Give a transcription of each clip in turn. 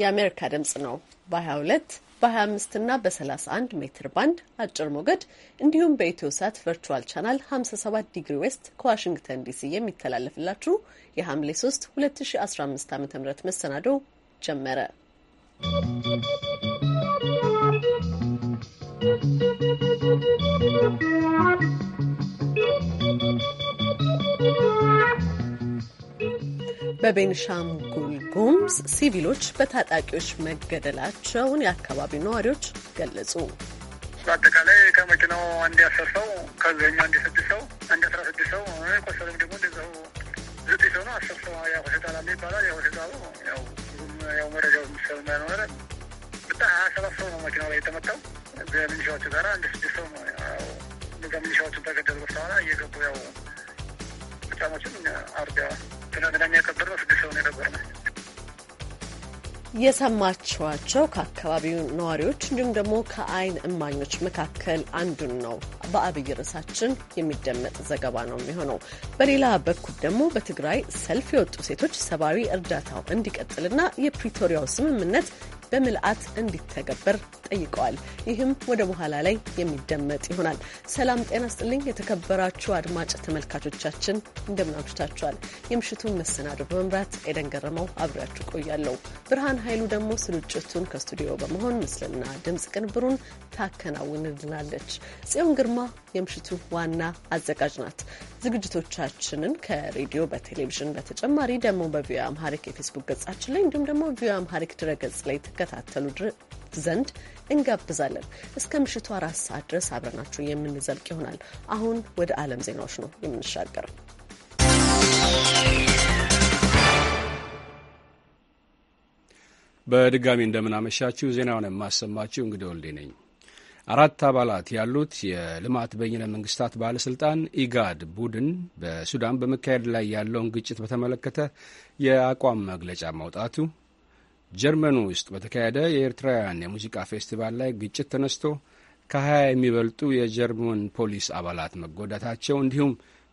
የአሜሪካ ድምጽ ነው። በ22 በ25 እና በ31 ሜትር ባንድ አጭር ሞገድ እንዲሁም በኢትዮ ሳት ቨርቹዋል ቻናል 57 ዲግሪ ዌስት ከዋሽንግተን ዲሲ የሚተላለፍላችሁ የሐምሌ 3 2015 ዓ ም መሰናዶ ጀመረ። ¶¶ በቤንሻንጉል ጉምዝ ሲቪሎች በታጣቂዎች መገደላቸውን የአካባቢው ነዋሪዎች ገለጹ። በአጠቃላይ ከመኪናው አንድ አስር ሰው ከዚህኛው አንድ ስድስት ሰው አንድ አስራ ስድስት ሰው ቆሰሉም ደግሞ እንደዚያው ዝጥ ሰው ነው። አስር ሰው ያው ሆስፒታል ይባላል። ያው ሆስፒታሉ ያው ያው መረጃው የሚሰብ ያልሆነ በጣም ሀያ ሰባት ሰው ነው መኪናው ላይ የተመታው በምንሻዎቹ ጋር አንድ ስድስት ሰው ነው ያው ምንሻዎቹን ተገደሉ በኋላ እየገቡ ያው ህጻኖችን አርደዋል። ትናንትና የሰማችኋቸው ከአካባቢው ነዋሪዎች እንዲሁም ደግሞ ከአይን እማኞች መካከል አንዱን ነው። በአብይ ርዕሳችን የሚደመጥ ዘገባ ነው የሚሆነው። በሌላ በኩል ደግሞ በትግራይ ሰልፍ የወጡ ሴቶች ሰብአዊ እርዳታው እንዲቀጥልና የፕሪቶሪያው ስምምነት በምልአት እንዲተገበር ጠይቀዋል። ይህም ወደ በኋላ ላይ የሚደመጥ ይሆናል። ሰላም ጤና ስጥልኝ። የተከበራችሁ አድማጭ ተመልካቾቻችን አምሽታችኋል? የምሽቱን መሰናዶ በመምራት ኤደን ገረመው አብሬያችሁ ቆያለሁ። ብርሃን ኃይሉ ደግሞ ስርጭቱን ከስቱዲዮ በመሆን ምስልና ድምፅ ቅንብሩን ታከናውንልናለች። ጽዮን ግርማ የምሽቱ ዋና አዘጋጅ ናት። ዝግጅቶቻችንን ከሬዲዮ በቴሌቪዥን በተጨማሪ ደግሞ በቪዮ አምሃሪክ የፌስቡክ ገጻችን ላይ እንዲሁም ደግሞ ቪዮ አምሃሪክ ድረገጽ ላይ ተከታተሉ ዘንድ እንጋብዛለን። እስከ ምሽቱ አራት ሰዓት ድረስ አብረናችሁ የምንዘልቅ ይሆናል። አሁን ወደ ዓለም ዜናዎች ነው የምንሻገር። በድጋሚ እንደምናመሻችሁ ዜናውን የማሰማችሁ እንግዲህ ወልዴ ነኝ። አራት አባላት ያሉት የልማት በይነ መንግስታት ባለስልጣን ኢጋድ ቡድን በሱዳን በመካሄድ ላይ ያለውን ግጭት በተመለከተ የአቋም መግለጫ ማውጣቱ፣ ጀርመን ውስጥ በተካሄደ የኤርትራውያን የሙዚቃ ፌስቲቫል ላይ ግጭት ተነስቶ ከሀያ የሚበልጡ የጀርመን ፖሊስ አባላት መጎዳታቸው፣ እንዲሁም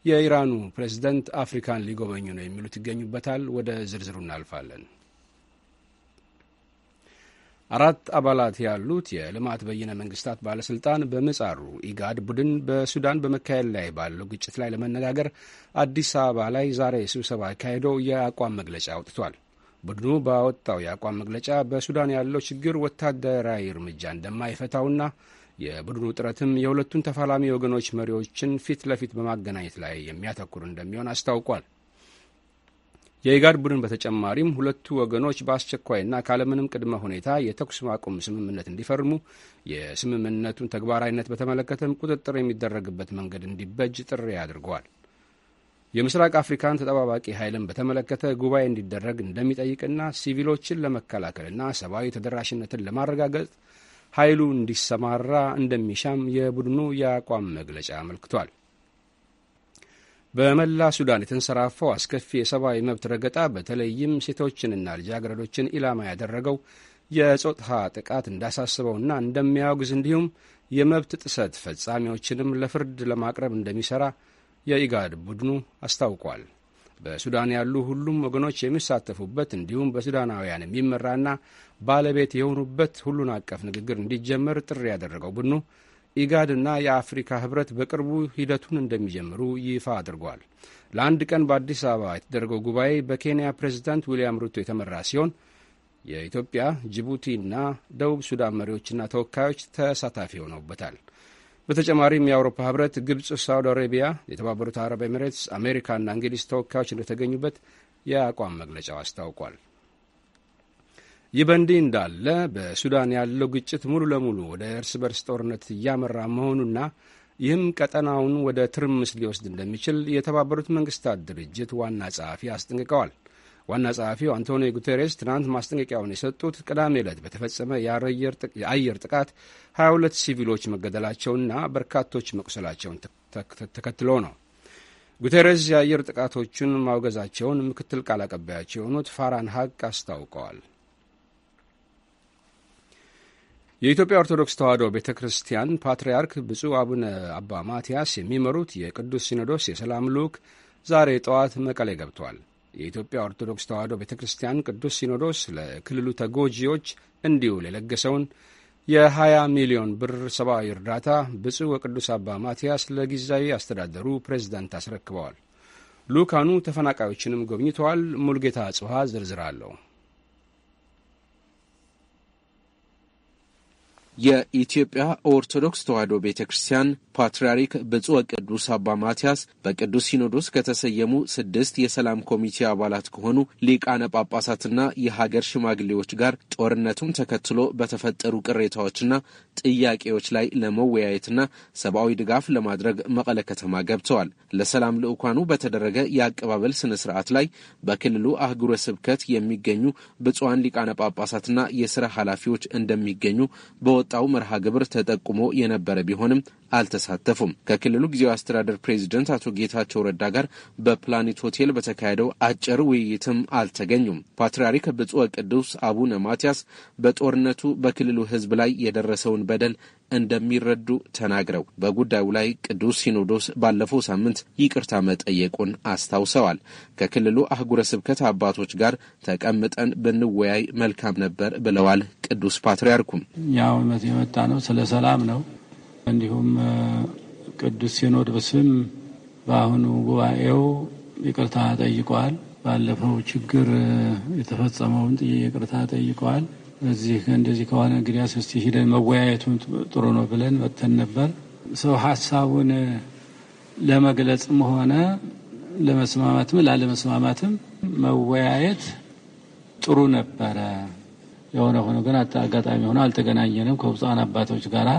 የኢራኑ ፕሬዝደንት አፍሪካን ሊጎበኙ ነው የሚሉት ይገኙበታል። ወደ ዝርዝሩ እናልፋለን። አራት አባላት ያሉት የልማት በይነ መንግስታት ባለስልጣን በምጻሩ ኢጋድ ቡድን በሱዳን በመካሄድ ላይ ባለው ግጭት ላይ ለመነጋገር አዲስ አበባ ላይ ዛሬ ስብሰባ አካሂዶ የአቋም መግለጫ አውጥቷል። ቡድኑ ባወጣው የአቋም መግለጫ በሱዳን ያለው ችግር ወታደራዊ እርምጃ እንደማይፈታውና የቡድኑ ጥረትም የሁለቱን ተፋላሚ ወገኖች መሪዎችን ፊት ለፊት በማገናኘት ላይ የሚያተኩር እንደሚሆን አስታውቋል። የኢጋድ ቡድን በተጨማሪም ሁለቱ ወገኖች በአስቸኳይና ካለምንም ቅድመ ሁኔታ የተኩስ ማቆም ስምምነት እንዲፈርሙ፣ የስምምነቱን ተግባራዊነት በተመለከተም ቁጥጥር የሚደረግበት መንገድ እንዲበጅ ጥሪ አድርገዋል። የምስራቅ አፍሪካን ተጠባባቂ ኃይልን በተመለከተ ጉባኤ እንዲደረግ እንደሚጠይቅና ሲቪሎችን ለመከላከልና ሰብአዊ ተደራሽነትን ለማረጋገጥ ኃይሉ እንዲሰማራ እንደሚሻም የቡድኑ የአቋም መግለጫ አመልክቷል። በመላ ሱዳን የተንሰራፋው አስከፊ የሰብአዊ መብት ረገጣ በተለይም ሴቶችንና ልጃገረዶችን ኢላማ ያደረገው የጾታ ጥቃት እንዳሳስበውና እንደሚያወግዝ እንዲሁም የመብት ጥሰት ፈጻሚዎችንም ለፍርድ ለማቅረብ እንደሚሠራ የኢጋድ ቡድኑ አስታውቋል። በሱዳን ያሉ ሁሉም ወገኖች የሚሳተፉበት እንዲሁም በሱዳናውያን የሚመራና ባለቤት የሆኑበት ሁሉን አቀፍ ንግግር እንዲጀመር ጥሪ ያደረገው ቡድኑ ኢጋድና የአፍሪካ ህብረት በቅርቡ ሂደቱን እንደሚጀምሩ ይፋ አድርጓል። ለአንድ ቀን በአዲስ አበባ የተደረገው ጉባኤ በኬንያ ፕሬዚዳንት ዊልያም ሩቶ የተመራ ሲሆን የኢትዮጵያ፣ ጅቡቲና ደቡብ ሱዳን መሪዎችና ተወካዮች ተሳታፊ ሆነውበታል። በተጨማሪም የአውሮፓ ህብረት፣ ግብፅ፣ ሳውዲ አረቢያ፣ የተባበሩት አረብ ኤምሬትስ፣ አሜሪካና እንግሊዝ ተወካዮች እንደተገኙበት የአቋም መግለጫው አስታውቋል። ይህ በእንዲህ እንዳለ በሱዳን ያለው ግጭት ሙሉ ለሙሉ ወደ እርስ በርስ ጦርነት እያመራ መሆኑና ይህም ቀጠናውን ወደ ትርምስ ሊወስድ እንደሚችል የተባበሩት መንግስታት ድርጅት ዋና ጸሐፊ አስጠንቅቀዋል። ዋና ጸሐፊው አንቶኒዮ ጉቴሬስ ትናንት ማስጠንቀቂያውን የሰጡት ቅዳሜ ዕለት በተፈጸመ የአየር ጥቃት 22 ሲቪሎች መገደላቸውና በርካቶች መቁሰላቸውን ተከትሎ ነው። ጉቴሬስ የአየር ጥቃቶቹን ማውገዛቸውን ምክትል ቃል አቀባያቸው የሆኑት ፋራን ሀቅ አስታውቀዋል። የኢትዮጵያ ኦርቶዶክስ ተዋሕዶ ቤተ ክርስቲያን ፓትርያርክ ብፁዕ አቡነ አባ ማትያስ የሚመሩት የቅዱስ ሲኖዶስ የሰላም ልዑክ ዛሬ ጠዋት መቀሌ ገብቷል። የኢትዮጵያ ኦርቶዶክስ ተዋሕዶ ቤተ ክርስቲያን ቅዱስ ሲኖዶስ ለክልሉ ተጎጂዎች እንዲውል የለገሰውን የ20 ሚሊዮን ብር ሰብአዊ እርዳታ ብፁዕ ወቅዱስ አባ ማትያስ ለጊዜያዊ አስተዳደሩ ፕሬዝዳንት አስረክበዋል። ሉካኑ ተፈናቃዮችንም ጎብኝተዋል። ሙልጌታ ጽሃ ዝርዝር አለው። የኢትዮጵያ ኦርቶዶክስ ተዋሕዶ ቤተ ክርስቲያን ፓትርያርክ ብፁዕ ቅዱስ አባ ማትያስ በቅዱስ ሲኖዶስ ከተሰየሙ ስድስት የሰላም ኮሚቴ አባላት ከሆኑ ሊቃነ ጳጳሳትና የሀገር ሽማግሌዎች ጋር ጦርነቱን ተከትሎ በተፈጠሩ ቅሬታዎችና ጥያቄዎች ላይ ለመወያየትና ሰብአዊ ድጋፍ ለማድረግ መቀለ ከተማ ገብተዋል። ለሰላም ልዑካኑ በተደረገ የአቀባበል ስነ ስርዓት ላይ በክልሉ አህጉረ ስብከት የሚገኙ ብፁዓን ሊቃነ ጳጳሳትና የስራ ኃላፊዎች እንደሚገኙ በወ ባወጣው መርሃ ግብር ተጠቁሞ የነበረ ቢሆንም አልተሳተፉም። ከክልሉ ጊዜያዊ አስተዳደር ፕሬዚደንት አቶ ጌታቸው ረዳ ጋር በፕላኔት ሆቴል በተካሄደው አጭር ውይይትም አልተገኙም። ፓትርያርክ ብፁዕ ቅዱስ አቡነ ማትያስ በጦርነቱ በክልሉ ሕዝብ ላይ የደረሰውን በደል እንደሚረዱ ተናግረው በጉዳዩ ላይ ቅዱስ ሲኖዶስ ባለፈው ሳምንት ይቅርታ መጠየቁን አስታውሰዋል። ከክልሉ አህጉረ ስብከት አባቶች ጋር ተቀምጠን ብንወያይ መልካም ነበር ብለዋል። ቅዱስ ፓትርያርኩም ያው የመጣ ነው ስለ ሰላም ነው። እንዲሁም ቅዱስ ሲኖዶስም በአሁኑ ጉባኤው ይቅርታ ጠይቀዋል። ባለፈው ችግር የተፈጸመውን ይቅርታ ጠይቀዋል። እዚህ እንደዚህ ከሆነ እንግዲያስ እስቲ ሂደን መወያየቱን ጥሩ ነው ብለን መተን ነበር። ሰው ሀሳቡን ለመግለጽም ሆነ ለመስማማትም ላለመስማማትም መወያየት ጥሩ ነበረ። የሆነ ሆኖ ግን አጋጣሚ ሆኖ አልተገናኘንም ከብፁዓን አባቶች ጋራ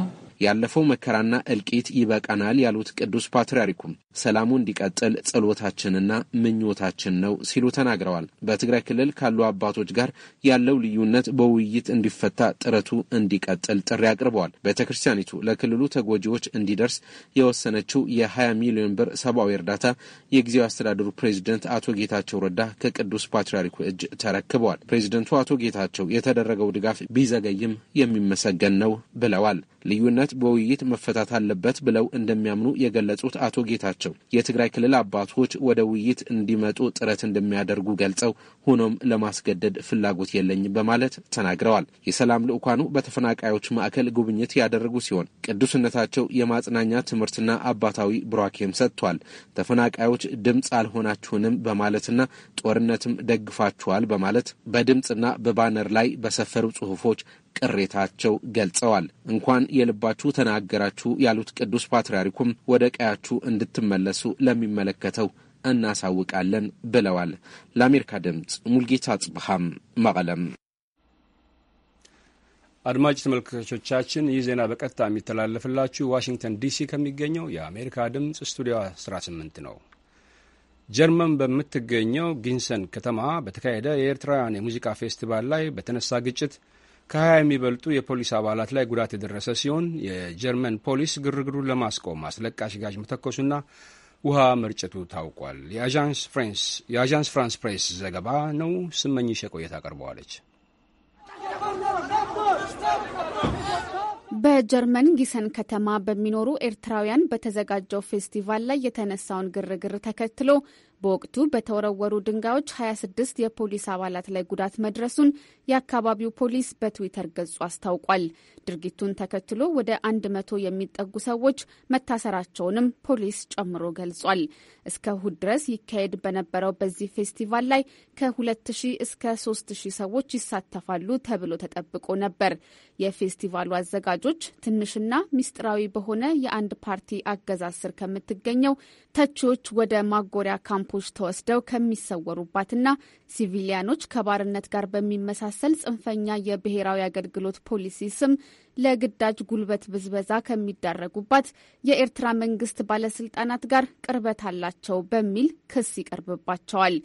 ያለፈው መከራና እልቂት ይበቃናል ያሉት ቅዱስ ፓትርያርኩም ሰላሙ እንዲቀጥል ጸሎታችንና ምኞታችን ነው ሲሉ ተናግረዋል። በትግራይ ክልል ካሉ አባቶች ጋር ያለው ልዩነት በውይይት እንዲፈታ ጥረቱ እንዲቀጥል ጥሪ አቅርበዋል። ቤተ ክርስቲያኒቱ ለክልሉ ተጎጂዎች እንዲደርስ የወሰነችው የ20 ሚሊዮን ብር ሰብአዊ እርዳታ የጊዜው አስተዳደሩ ፕሬዚደንት አቶ ጌታቸው ረዳ ከቅዱስ ፓትርያርኩ እጅ ተረክበዋል። ፕሬዚደንቱ አቶ ጌታቸው የተደረገው ድጋፍ ቢዘገይም የሚመሰገን ነው ብለዋል። ልዩነት በውይይት መፈታት አለበት ብለው እንደሚያምኑ የገለጹት አቶ ጌታቸው ናቸው። የትግራይ ክልል አባቶች ወደ ውይይት እንዲመጡ ጥረት እንደሚያደርጉ ገልጸው ሆኖም ለማስገደድ ፍላጎት የለኝም በማለት ተናግረዋል። የሰላም ልዕኳኑ በተፈናቃዮች ማዕከል ጉብኝት ያደረጉ ሲሆን ቅዱስነታቸው የማጽናኛ ትምህርትና አባታዊ ቡራኬም ሰጥቷል። ተፈናቃዮች ድምፅ አልሆናችሁንም በማለትና ጦርነትም ደግፋችኋል በማለት በድምፅና በባነር ላይ በሰፈሩ ጽሁፎች ቅሬታቸው ገልጸዋል። እንኳን የልባችሁ ተናገራችሁ ያሉት ቅዱስ ፓትርያርኩም ወደ ቀያችሁ እንድትመለሱ ለሚመለከተው እናሳውቃለን ብለዋል። ለአሜሪካ ድምፅ ሙልጌታ አጽብሃም መቀለም። አድማጭ ተመልካቾቻችን ይህ ዜና በቀጥታ የሚተላለፍላችሁ ዋሽንግተን ዲሲ ከሚገኘው የአሜሪካ ድምፅ ስቱዲዮ 18 ነው። ጀርመን በምትገኘው ጊንሰን ከተማ በተካሄደ የኤርትራውያን የሙዚቃ ፌስቲቫል ላይ በተነሳ ግጭት ከ የሚበልጡ የፖሊስ አባላት ላይ ጉዳት የደረሰ ሲሆን የጀርመን ፖሊስ ግርግሩን ለማስቆም አስለቃሽ ጋዥ መተኮሱና ውሃ መርጨቱ ታውቋል። የአዣንስ ፍራንስ ፕሬስ ዘገባ ነው። ስመኝሽ የቆየት አቀርበዋለች። በጀርመን ጊሰን ከተማ በሚኖሩ ኤርትራውያን በተዘጋጀው ፌስቲቫል ላይ የተነሳውን ግርግር ተከትሎ በወቅቱ በተወረወሩ ድንጋዮች 26 የፖሊስ አባላት ላይ ጉዳት መድረሱን የአካባቢው ፖሊስ በትዊተር ገጹ አስታውቋል። ድርጊቱን ተከትሎ ወደ 100 የሚጠጉ ሰዎች መታሰራቸውንም ፖሊስ ጨምሮ ገልጿል። እስከ እሁድ ድረስ ይካሄድ በነበረው በዚህ ፌስቲቫል ላይ ከ2000 እስከ 3000 ሰዎች ይሳተፋሉ ተብሎ ተጠብቆ ነበር። የፌስቲቫሉ አዘጋጆች ትንሽና ሚስጥራዊ በሆነ የአንድ ፓርቲ አገዛዝ ስር ከምትገኘው ተቺዎች ወደ ማጎሪያ ካምፕ ካምፖች ተወስደው ከሚሰወሩባትና ሲቪሊያኖች ከባርነት ጋር በሚመሳሰል ጽንፈኛ የብሔራዊ አገልግሎት ፖሊሲ ስም ለግዳጅ ጉልበት ብዝበዛ ከሚዳረጉባት የኤርትራ መንግስት ባለስልጣናት ጋር ቅርበት አላቸው በሚል ክስ ይቀርብባቸዋል።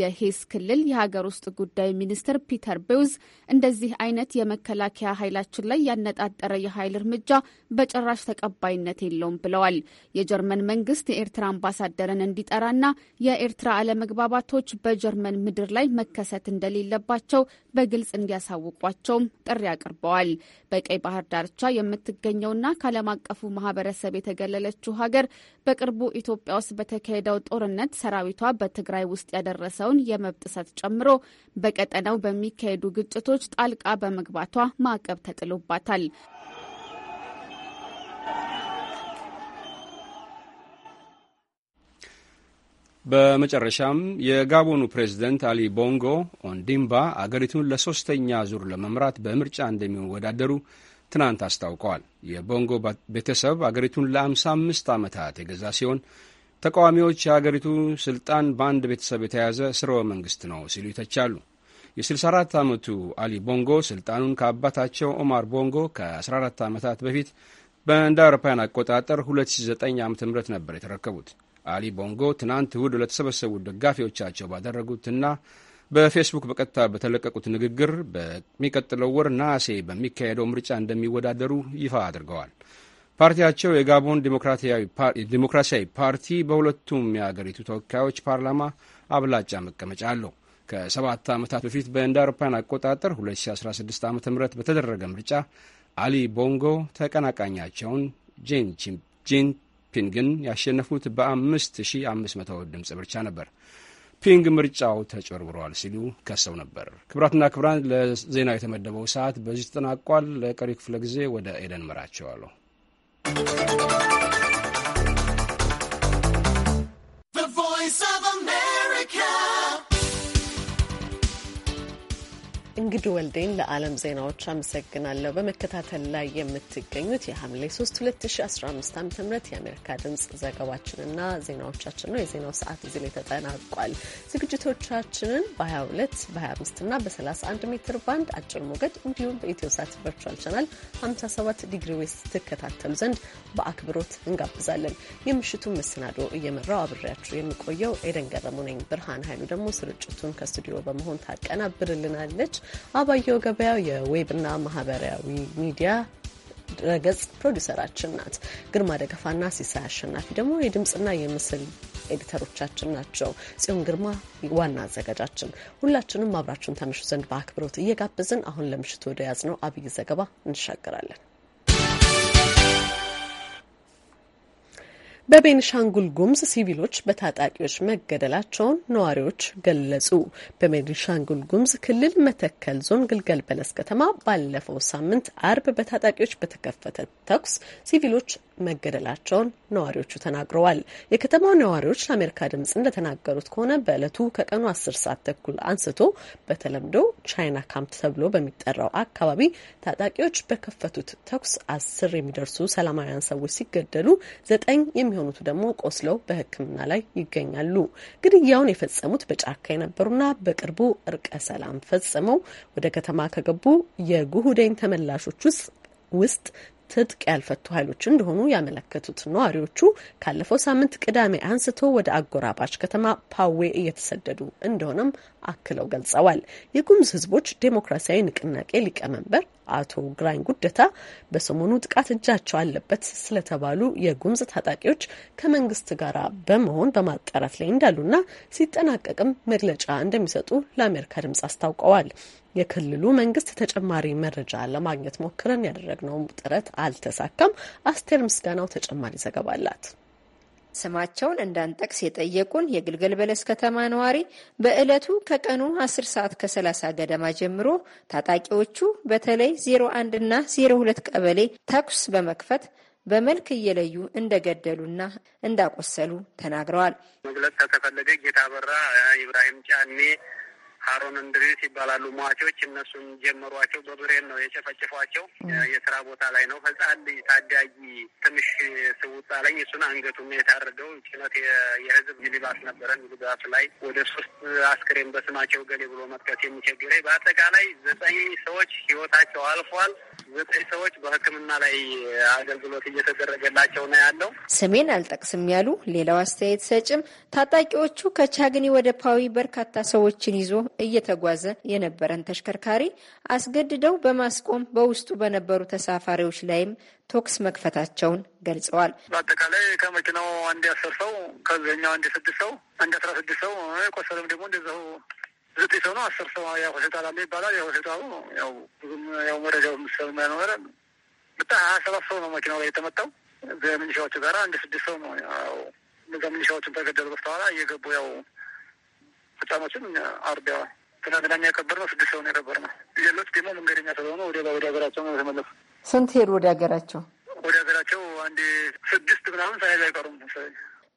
የሄስ ክልል የሀገር ውስጥ ጉዳይ ሚኒስትር ፒተር ቤውዝ እንደዚህ አይነት የመከላከያ ኃይላችን ላይ ያነጣጠረ የኃይል እርምጃ በጭራሽ ተቀባይነት የለውም ብለዋል። የጀርመን መንግስት የኤርትራ አምባሳደርን እንዲጠራና የኤርትራ አለመግባባቶች በጀርመን ምድር ላይ መከሰት እንደሌለባቸው በግልጽ እንዲያሳውቋቸውም ጥሪ አቅርበዋል። በቀይ ባህር ዳርቻ የምትገኘውና ከዓለም አቀፉ ማህበረሰብ የተገለለችው ሀገር በቅርቡ ኢትዮጵያ ውስጥ በተካሄደው ጦርነት ሰራዊቷ በትግራይ ውስጥ ያደረሰውን የመብት ጥሰት ጨምሮ በቀጠናው በሚካሄዱ ግጭቶች ጣልቃ በመግባቷ ማዕቀብ ተጥሎባታል። በመጨረሻም የጋቦኑ ፕሬዝደንት አሊ ቦንጎ ኦንዲምባ አገሪቱን ለሶስተኛ ዙር ለመምራት በምርጫ እንደሚወዳደሩ ትናንት አስታውቀዋል። የቦንጎ ቤተሰብ አገሪቱን ለ55 ዓመታት የገዛ ሲሆን ተቃዋሚዎች የአገሪቱ ስልጣን በአንድ ቤተሰብ የተያዘ ስርወ መንግስት ነው ሲሉ ይተቻሉ። የ64 ዓመቱ አሊ ቦንጎ ስልጣኑን ከአባታቸው ኦማር ቦንጎ ከ14 ዓመታት በፊት በእንደ አውሮፓውያን አቆጣጠር 2009 ዓ ም ነበር የተረከቡት። አሊ ቦንጎ ትናንት እሁድ ለተሰበሰቡ ደጋፊዎቻቸው ባደረጉትና በፌስቡክ በቀጥታ በተለቀቁት ንግግር በሚቀጥለው ወር ነሐሴ በሚካሄደው ምርጫ እንደሚወዳደሩ ይፋ አድርገዋል። ፓርቲያቸው የጋቦን ዲሞክራሲያዊ ፓርቲ በሁለቱም የአገሪቱ ተወካዮች ፓርላማ አብላጫ መቀመጫ አለው። ከሰባት ዓመታት በፊት በእንደ አውሮፓውያን አቆጣጠር 2016 ዓ ም በተደረገ ምርጫ አሊ ቦንጎ ተቀናቃኛቸውን ጄን ፒንግን ያሸነፉት በ5500 ድምፅ ብቻ ነበር። ፒንግ ምርጫው ተጭበርብሯል ሲሉ ከሰው ነበር። ክብራትና ክብራን ለዜና የተመደበው ሰዓት በዚህ ተጠናቋል። ለቀሪ ክፍለ ጊዜ ወደ ኤደን መራቸዋለሁ። እንግዲህ ወልዴን ለዓለም ዜናዎች አመሰግናለሁ። በመከታተል ላይ የምትገኙት የሐምሌ 3 2015 ዓ ም የአሜሪካ ድምፅ ዘገባችንና ዜናዎቻችን ነው። የዜናው ሰዓት እዚህ ላይ ተጠናቋል። ዝግጅቶቻችንን በ22 በ25 እና በ31 ሜትር ባንድ አጭር ሞገድ እንዲሁም በኢትዮ ሳት ቨርቹዋል ቻናል 57 ዲግሪ ዌስት ትከታተሉ ዘንድ በአክብሮት እንጋብዛለን። የምሽቱን መሰናዶ እየመራው አብሬያችሁ የሚቆየው ኤደን ገረሙ ነኝ። ብርሃን ኃይሉ ደግሞ ስርጭቱን ከስቱዲዮ በመሆን ታቀናብርልናለች። አባየው ገበያው የዌብና ማህበራዊ ሚዲያ ድረገጽ ፕሮዲሰራችን ናት። ግርማ ደገፋና ሲሳይ አሸናፊ ደግሞ የድምፅና የምስል ኤዲተሮቻችን ናቸው። ጽዮን ግርማ ዋና አዘጋጃችን። ሁላችንም አብራችሁን ታመሹ ዘንድ በአክብሮት እየጋበዝን አሁን ለምሽቱ ወደ ያዝነው አብይ ዘገባ እንሻገራለን። በቤኒሻንጉል ጉሙዝ ሲቪሎች በታጣቂዎች መገደላቸውን ነዋሪዎች ገለጹ። በቤንሻንጉል ጉሙዝ ክልል መተከል ዞን ግልገል በለስ ከተማ ባለፈው ሳምንት አርብ በታጣቂዎች በተከፈተ ተኩስ ሲቪሎች መገደላቸውን ነዋሪዎቹ ተናግረዋል። የከተማው ነዋሪዎች ለአሜሪካ ድምጽ እንደተናገሩት ከሆነ በዕለቱ ከቀኑ አስር ሰዓት ተኩል አንስቶ በተለምዶ ቻይና ካምፕ ተብሎ በሚጠራው አካባቢ ታጣቂዎች በከፈቱት ተኩስ አስር የሚደርሱ ሰላማውያን ሰዎች ሲገደሉ ዘጠኝ የሚሆኑት ደግሞ ቆስለው በሕክምና ላይ ይገኛሉ። ግድያውን የፈጸሙት በጫካ የነበሩና በቅርቡ እርቀ ሰላም ፈጽመው ወደ ከተማ ከገቡ የጉሁዴን ተመላሾች ውስጥ ትጥቅ ያልፈቱ ኃይሎች እንደሆኑ ያመለከቱት ነዋሪዎቹ ካለፈው ሳምንት ቅዳሜ አንስቶ ወደ አጎራባች ከተማ ፓዌ እየተሰደዱ እንደሆነም አክለው ገልጸዋል። የጉሙዝ ህዝቦች ዴሞክራሲያዊ ንቅናቄ ሊቀመንበር አቶ ግራኝ ጉደታ በሰሞኑ ጥቃት እጃቸው አለበት ስለተባሉ የጉሙዝ ታጣቂዎች ከመንግስት ጋር በመሆን በማጣራት ላይ እንዳሉና ሲጠናቀቅም መግለጫ እንደሚሰጡ ለአሜሪካ ድምጽ አስታውቀዋል። የክልሉ መንግስት ተጨማሪ መረጃ ለማግኘት ሞክረን ያደረግነው ጥረት አልተሳካም። አስቴር ምስጋናው ተጨማሪ ዘገባ አላት። ስማቸውን እንዳንጠቅስ የጠየቁን የግልገል በለስ ከተማ ነዋሪ በዕለቱ ከቀኑ 10 ሰዓት ከ30 ገደማ ጀምሮ ታጣቂዎቹ በተለይ 01 እና 02 ቀበሌ ተኩስ በመክፈት በመልክ እየለዩ እንደገደሉና እንዳቆሰሉ ተናግረዋል። መግለጽ ከተፈለገ ጌታ በራ፣ ኢብራሂም ጫኔ ሀሮን እንድሪስ ይባላሉ ሟቾች። እነሱን ጀመሯቸው፣ በብሬን ነው የጨፈጭፏቸው። የስራ ቦታ ላይ ነው። ህጻን ታዳጊ ትንሽ ስውጣ ላይ እሱን አንገቱን የታረደው ጭነት የህዝብ ሚኒባስ ነበረ። ሚኒባስ ላይ ወደ ሶስት አስክሬን በስማቸው ገሌ ብሎ መጥቀስ የሚቸግረኝ በአጠቃላይ ዘጠኝ ሰዎች ህይወታቸው አልፏል። ዘጠኝ ሰዎች በህክምና ላይ አገልግሎት እየተደረገላቸው ነው ያለው። ስሜን አልጠቅስም ያሉ ሌላው አስተያየት ሰጭም ታጣቂዎቹ ከቻግኒ ወደ ፓዊ በርካታ ሰዎችን ይዞ እየተጓዘ የነበረን ተሽከርካሪ አስገድደው በማስቆም በውስጡ በነበሩ ተሳፋሪዎች ላይም ቶክስ መክፈታቸውን ገልጸዋል። በአጠቃላይ ከመኪናው አንድ አስር ሰው ከዚህኛው አንድ ስድስት ሰው አንድ አስራ ስድስት ሰው የቆሰለም ደግሞ እንደዚሁ ዘጠኝ ሰው ነው። አስር ሰው ያው ሆስፒታል አለ ይባላል። ያው ሆስፒታሉ ያው ብዙም ያው መረጃው ምሰብ ያኖረ በጣም ሀያ ሰባት ሰው ነው መኪናው ላይ የተመጣው በምንሻዎቹ ጋር አንድ ስድስት ሰው ነው። ያው እነዛ ምንሻዎቹን ተገደሉ በስተኋላ እየገቡ ያው ህጻኖችን አርዳ ትናንትና ነው ስድስት ሰው ነው ሌሎች ደግሞ መንገደኛ ስለሆነ ወደ ወደ ሀገራቸው ነው የተመለሱ። ስንት ሄዱ ወደ ሀገራቸው? ወደ ሀገራቸው አንድ ስድስት ምናምን ሳይዝ አይቀሩም።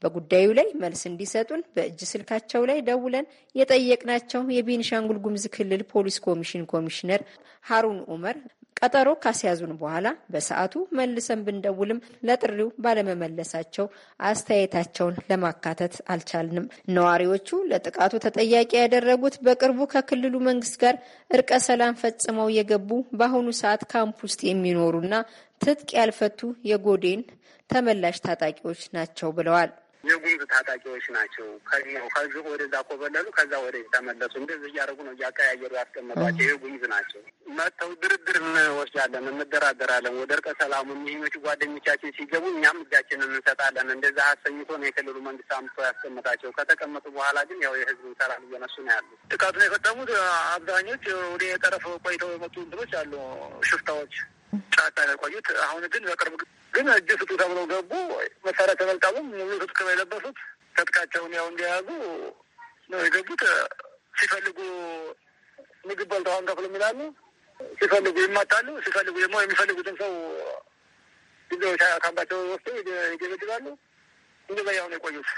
በጉዳዩ ላይ መልስ እንዲሰጡን በእጅ ስልካቸው ላይ ደውለን የጠየቅናቸው የቤኒሻንጉል ጉሙዝ ክልል ፖሊስ ኮሚሽን ኮሚሽነር ሀሩን ኡመር ቀጠሮ ካስያዙን በኋላ በሰዓቱ መልሰን ብንደውልም ለጥሪው ባለመመለሳቸው አስተያየታቸውን ለማካተት አልቻልንም። ነዋሪዎቹ ለጥቃቱ ተጠያቂ ያደረጉት በቅርቡ ከክልሉ መንግስት ጋር እርቀ ሰላም ፈጽመው የገቡ በአሁኑ ሰዓት ካምፕ ውስጥ የሚኖሩና ትጥቅ ያልፈቱ የጎዴን ተመላሽ ታጣቂዎች ናቸው ብለዋል። የጉምዝ ታጣቂዎች ናቸው። ከዚህ ከዚህ ወደዛ ኮበለሉ፣ ከዛ ወደ ተመለሱ። እንደዚህ እያደረጉ ነው እያቀያየሩ ያስቀመጧቸው። የጉምዝ ናቸው መጥተው ድርድር እንወስዳለን፣ እንደራደራለን። ወደ እርቀ ሰላሙ የሚኞቹ ጓደኞቻችን ሲገቡ እኛም እጃችንን እንሰጣለን። እንደዛ አሰኝቶ ነው የክልሉ መንግስት አምጥቶ ያስቀመጣቸው። ከተቀመጡ በኋላ ግን ያው የህዝቡን ሰላም እየነሱ ነው ያሉ። ጥቃቱን የፈጸሙት አብዛኞች ወደ ጠረፍ ቆይተው የመጡ እንትኖች አሉ ሽፍታዎች ጫካ ያቆዩት። አሁን ግን በቅርብ ግን እጅ ስጡ ተብለው ገቡ። መሰረተ መልጣሙም ሙሉ ትጥቅ የለበሱት። ትጥቃቸውን ያው እንደያዙ ነው የገቡት። ሲፈልጉ ምግብ በልተው አሁን ተክሉ ይላሉ፣ ሲፈልጉ ይማታሉ፣ ሲፈልጉ ደግሞ የሚፈልጉትን ሰው ካምባቸው ወስዶ ይገበድባሉ። እንደዚያ ያው ነው የቆዩት።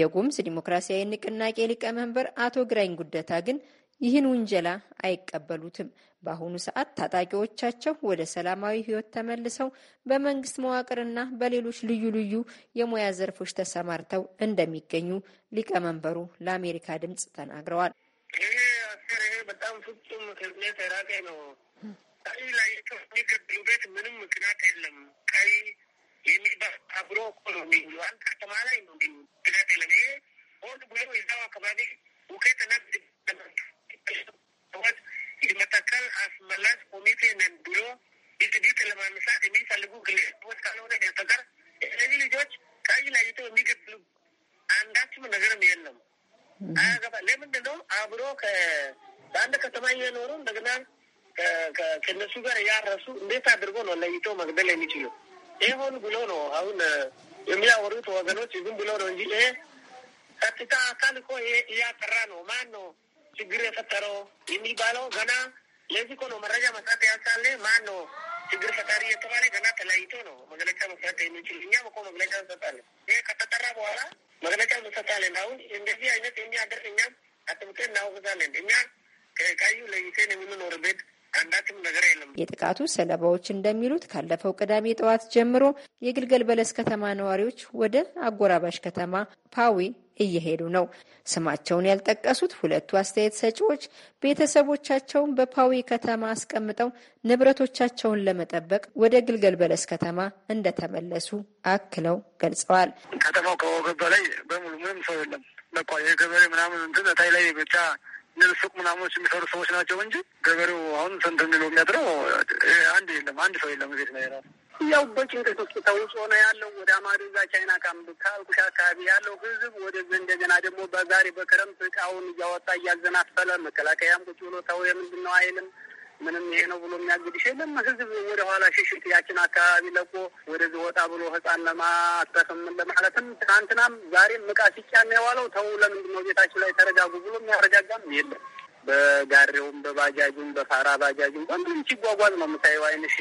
የጉምዝ ዲሞክራሲያዊ ንቅናቄ ሊቀመንበር አቶ ግራኝ ጉደታ ግን ይህን ውንጀላ አይቀበሉትም። በአሁኑ ሰዓት ታጣቂዎቻቸው ወደ ሰላማዊ ህይወት ተመልሰው በመንግስት መዋቅርና በሌሎች ልዩ ልዩ የሙያ ዘርፎች ተሰማርተው እንደሚገኙ ሊቀመንበሩ ለአሜሪካ ድምጽ ተናግረዋል። በጣም ፍጹም ከእምነት የራቀ ነው። ቀይ ላይ የሚገድሉበት ምንም ምክንያት የለም። ቀይ የሚባል አብሮ እኮ ነው የሚሉ አንድ ከተማ ላይ ነው ምክንያት የለም። ይሄ ሆን ብሎ የዛው አካባቢ መተከል አስመላሽ ኮሚቴ ነን ብሎ ኢትዲት ለማንሳት የሚፈልጉ ግለሰቦች ካልሆነ በስተቀር እነዚህ ልጆች ቀይ ለይቶ የሚገድሉ አንዳችም ነገርም የለም። አያገባ ለምንድን ነው አብሮ በአንድ ከተማ እየኖሩ እንደገና ከእነሱ ጋር እያረሱ እንዴት አድርጎ ነው ለይቶ መግደል የሚችሉ? ይሆን ብሎ ነው አሁን የሚያወሩት ወገኖች ዝም ብሎ ነው እንጂ ይሄ ቀጥታ አካል እኮ እያጠራ ነው። ማን ነው ችግር የፈጠረው የሚባለው ገና ለዚህ እኮ ነው መረጃ መስራት ያሳለ ማን ነው ችግር ፈጣሪ የተባለ ገና ተለያይቶ ነው መግለጫ መስራት የሚችል። እኛም እኮ መግለጫ እንሰጣለን። ይህ ከተጠራ በኋላ መግለጫ እንሰጣለን። አሁን እንደዚህ አይነት የሚያደርግ እኛም አጥብቀን እናወግዛለን። እኛ ከቃዩ ለይተን የምንኖርበት የጥቃቱ ሰለባዎች እንደሚሉት ካለፈው ቅዳሜ ጠዋት ጀምሮ የግልገል በለስ ከተማ ነዋሪዎች ወደ አጎራባሽ ከተማ ፓዊ እየሄዱ ነው። ስማቸውን ያልጠቀሱት ሁለቱ አስተያየት ሰጪዎች ቤተሰቦቻቸውን በፓዊ ከተማ አስቀምጠው ንብረቶቻቸውን ለመጠበቅ ወደ ግልገል በለስ ከተማ እንደተመለሱ አክለው ገልጸዋል። ከተማው ከወገብ በላይ በሙሉ ምንም ሰው የለም። በቃ የገበሬ ምናምን እንትን እታይ ላይ ብቻ እነዚህ ሱቅ ምናምኖች የሚሰሩ ሰዎች ናቸው እንጂ ገበሬው አሁን ሰንት የሚለው የሚያድረው አንድ የለም፣ አንድ ሰው የለም ቤት ላይ ራሱ ያው በጭንቀት ውስጥ ተውጦ ነው ያለው። ወደ አማሪዛ ቻይና ካምፕ ካልኩሽ አካባቢ ያለው ህዝብ ወደዚህ እንደገና ደግሞ በዛሬ በክረምት እቃውን እያወጣ እያዘናፈለ መከላከያም ቁጭ ብሎ ተው የምንድን ነው አይልም። ምንም ይሄ ነው ብሎ የሚያግድሽ የለም። ህዝብ ወደ ኋላ ሽሽት ያችን አካባቢ ለቆ ወደዚህ ወጣ ብሎ ህፃን ለማጠቅም ለማለትም ትናንትናም ዛሬም እቃ ሲጫን የዋለው ተው፣ ለምንድነው ቤታችን ላይ ተረጋጉ ብሎ የሚያረጋጋም የለም። በጋሬውም በባጃጅም በፋራ ባጃጅም በምንም ሲጓጓዝ ነው የምታየው። አይንሽ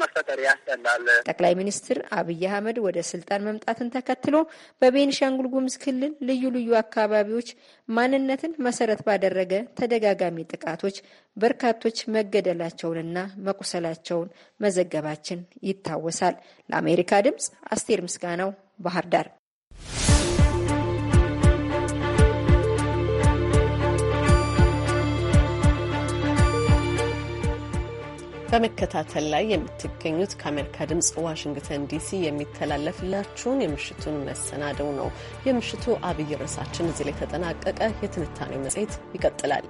መፈጠር ያስጠላል። ጠቅላይ ሚኒስትር አብይ አህመድ ወደ ስልጣን መምጣትን ተከትሎ በቤንሻንጉል ጉምዝ ክልል ልዩ ልዩ አካባቢዎች ማንነትን መሰረት ባደረገ ተደጋጋሚ ጥቃቶች በርካቶች መገደላቸውንና መቁሰላቸውን መዘገባችን ይታወሳል። ለአሜሪካ ድምጽ አስቴር ምስጋናው ባህር ዳር በመከታተል ላይ የምትገኙት ከአሜሪካ ድምጽ ዋሽንግተን ዲሲ የሚተላለፍላችሁን የምሽቱን መሰናደው ነው። የምሽቱ አብይ ርዕሳችን እዚህ ላይ ተጠናቀቀ። የትንታኔው መጽሔት ይቀጥላል።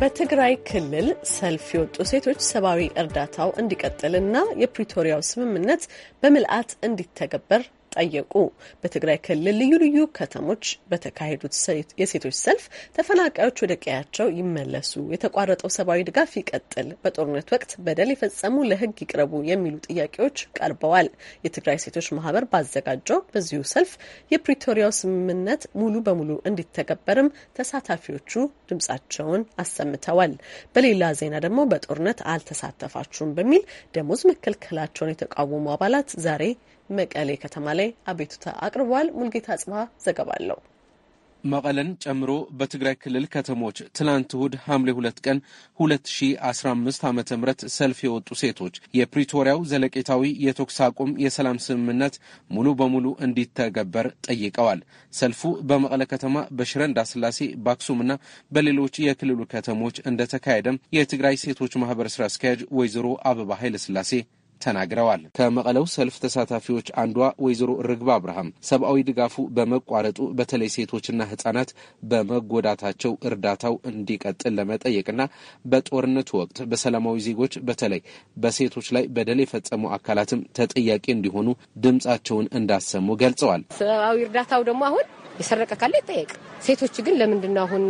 በትግራይ ክልል ሰልፍ የወጡ ሴቶች ሰብአዊ እርዳታው እንዲቀጥልና የፕሪቶሪያው ስምምነት በምልአት እንዲተገበር ጠየቁ። በትግራይ ክልል ልዩ ልዩ ከተሞች በተካሄዱት የሴቶች ሰልፍ ተፈናቃዮች ወደ ቀያቸው ይመለሱ፣ የተቋረጠው ሰብአዊ ድጋፍ ይቀጥል፣ በጦርነት ወቅት በደል የፈጸሙ ለህግ ይቅረቡ የሚሉ ጥያቄዎች ቀርበዋል። የትግራይ ሴቶች ማህበር ባዘጋጀው በዚሁ ሰልፍ የፕሪቶሪያው ስምምነት ሙሉ በሙሉ እንዲተገበርም ተሳታፊዎቹ ድምጻቸውን አሰምተዋል። በሌላ ዜና ደግሞ በጦርነት አልተሳተፋችሁም በሚል ደሞዝ መከልከላቸውን የተቃወሙ አባላት ዛሬ መቀሌ ከተማ ላይ አቤቱታ አቅርቧል። ሙልጌታ አጽብሃ ዘገባ አለው። መቀለን ጨምሮ በትግራይ ክልል ከተሞች ትናንት እሁድ ሐምሌ ሁለት ቀን 2015 ዓ ም ሰልፍ የወጡ ሴቶች የፕሪቶሪያው ዘለቄታዊ የተኩስ አቁም የሰላም ስምምነት ሙሉ በሙሉ እንዲተገበር ጠይቀዋል። ሰልፉ በመቀለ ከተማ በሽረ እንዳስላሴ በአክሱምና በሌሎች የክልሉ ከተሞች እንደተካሄደም የትግራይ ሴቶች ማህበር ስራ አስኪያጅ ወይዘሮ አበባ ኃይለስላሴ ተናግረዋል። ከመቀለው ሰልፍ ተሳታፊዎች አንዷ ወይዘሮ ርግባ አብርሃም ሰብአዊ ድጋፉ በመቋረጡ በተለይ ሴቶችና ህጻናት በመጎዳታቸው እርዳታው እንዲቀጥል ለመጠየቅና በጦርነቱ ወቅት በሰላማዊ ዜጎች በተለይ በሴቶች ላይ በደል የፈጸሙ አካላትም ተጠያቂ እንዲሆኑ ድምጻቸውን እንዳሰሙ ገልጸዋል። ሰብአዊ እርዳታው ደግሞ አሁን የሰረቀ ካለ ይጠየቅ። ሴቶች ግን ለምንድነው አሁን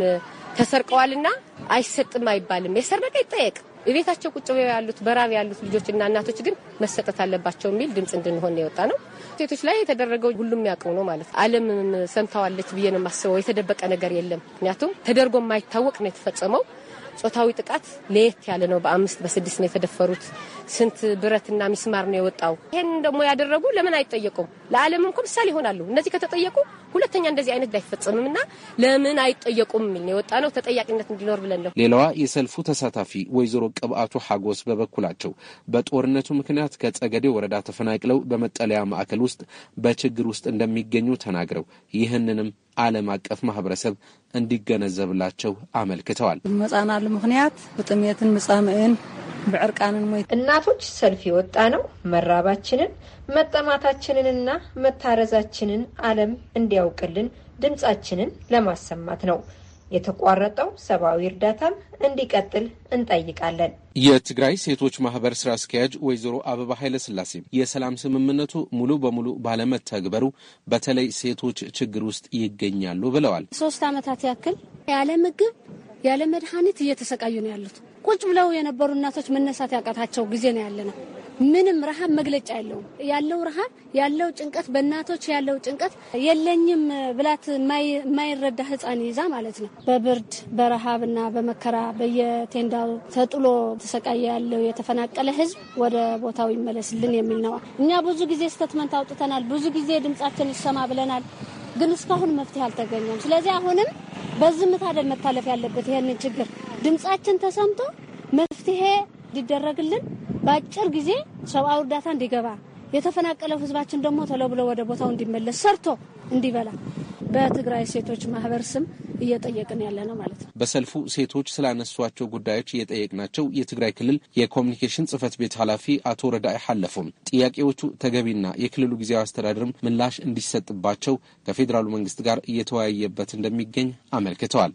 ተሰርቀዋልና አይሰጥም አይባልም። የሰረቀ ይጠየቅ። እቤታቸው ቁጭ ብለው ያሉት በራብ ያሉት ልጆችና እናቶች ግን መሰጠት አለባቸው የሚል ድምፅ እንድንሆን የወጣ ነው። ሴቶች ላይ የተደረገው ሁሉም ያውቀው ነው ማለት ዓለምም ሰምተዋለች ብዬ ነው የማስበው። የተደበቀ ነገር የለም። ምክንያቱም ተደርጎ የማይታወቅ ነው የተፈጸመው። ጾታዊ ጥቃት ለየት ያለ ነው። በአምስት በስድስት ነው የተደፈሩት። ስንት ብረትና ሚስማር ነው የወጣው። ይሄን ደግሞ ያደረጉ ለምን አይጠየቁም? ለአለም እኮ ምሳሌ ይሆናሉ። እነዚህ ከተጠየቁ ሁለተኛ እንደዚህ አይነት ላይፈጸምም እና ለምን አይጠየቁም የሚል ነው የወጣ ነው። ተጠያቂነት እንዲኖር ብለን ነው። ሌላዋ የሰልፉ ተሳታፊ ወይዘሮ ቅብአቱ ሀጎስ በበኩላቸው በጦርነቱ ምክንያት ከጸገዴ ወረዳ ተፈናቅለው በመጠለያ ማዕከል ውስጥ በችግር ውስጥ እንደሚገኙ ተናግረው ይህንንም ዓለም አቀፍ ማህበረሰብ እንዲገነዘብላቸው አመልክተዋል። መጻናል ምክንያት ብጥሜትን ምጻምእን ብዕርቃንን ሞይ እናቶች ሰልፍ የወጣ ነው መራባችንን መጠማታችንንና መታረዛችንን ዓለም እንዲያውቅልን ድምጻችንን ለማሰማት ነው። የተቋረጠው ሰብአዊ እርዳታም እንዲቀጥል እንጠይቃለን። የትግራይ ሴቶች ማህበር ስራ አስኪያጅ ወይዘሮ አበባ ኃይለስላሴ የሰላም ስምምነቱ ሙሉ በሙሉ ባለመተግበሩ በተለይ ሴቶች ችግር ውስጥ ይገኛሉ ብለዋል። ሶስት ዓመታት ያክል ያለ ምግብ ያለ መድኃኒት እየተሰቃዩ ነው ያሉት። ቁጭ ብለው የነበሩ እናቶች መነሳት ያቃታቸው ጊዜ ነው ያለ ነው። ምንም ረሃብ መግለጫ የለውም። ያለው ረሃብ ያለው ጭንቀት በእናቶች ያለው ጭንቀት የለኝም ብላት የማይረዳ ህፃን ይዛ ማለት ነው። በብርድ እና በመከራ በየቴንዳው ተጥሎ ተሰቃየ ያለው የተፈናቀለ ህዝብ ወደ ቦታው ይመለስልን የሚል ነው። እኛ ብዙ ጊዜ ስተትመንት አውጥተናል። ብዙ ጊዜ ድምጻችን ይሰማ ብለናል። ግን እስካሁን መፍትሄ አልተገኘም። ስለዚህ አሁንም በዝምታ አይደል መታለፍ ያለበት ይህንን ችግር ድምጻችን ተሰምቶ መፍትሄ እንዲደረግልን በአጭር ጊዜ ሰብአዊ እርዳታ እንዲገባ የተፈናቀለው ህዝባችን ደግሞ ተሎ ብሎ ወደ ቦታው እንዲመለስ ሰርቶ እንዲበላ በትግራይ ሴቶች ማህበር ስም እየጠየቅን ያለ ነው ማለት ነው። በሰልፉ ሴቶች ስላነሷቸው ጉዳዮች እየጠየቅናቸው የትግራይ ክልል የኮሚኒኬሽን ጽህፈት ቤት ኃላፊ አቶ ረዳኢ ሐለፎም ጥያቄዎቹ ተገቢና የክልሉ ጊዜያዊ አስተዳደርም ምላሽ እንዲሰጥባቸው ከፌዴራሉ መንግስት ጋር እየተወያየበት እንደሚገኝ አመልክተዋል።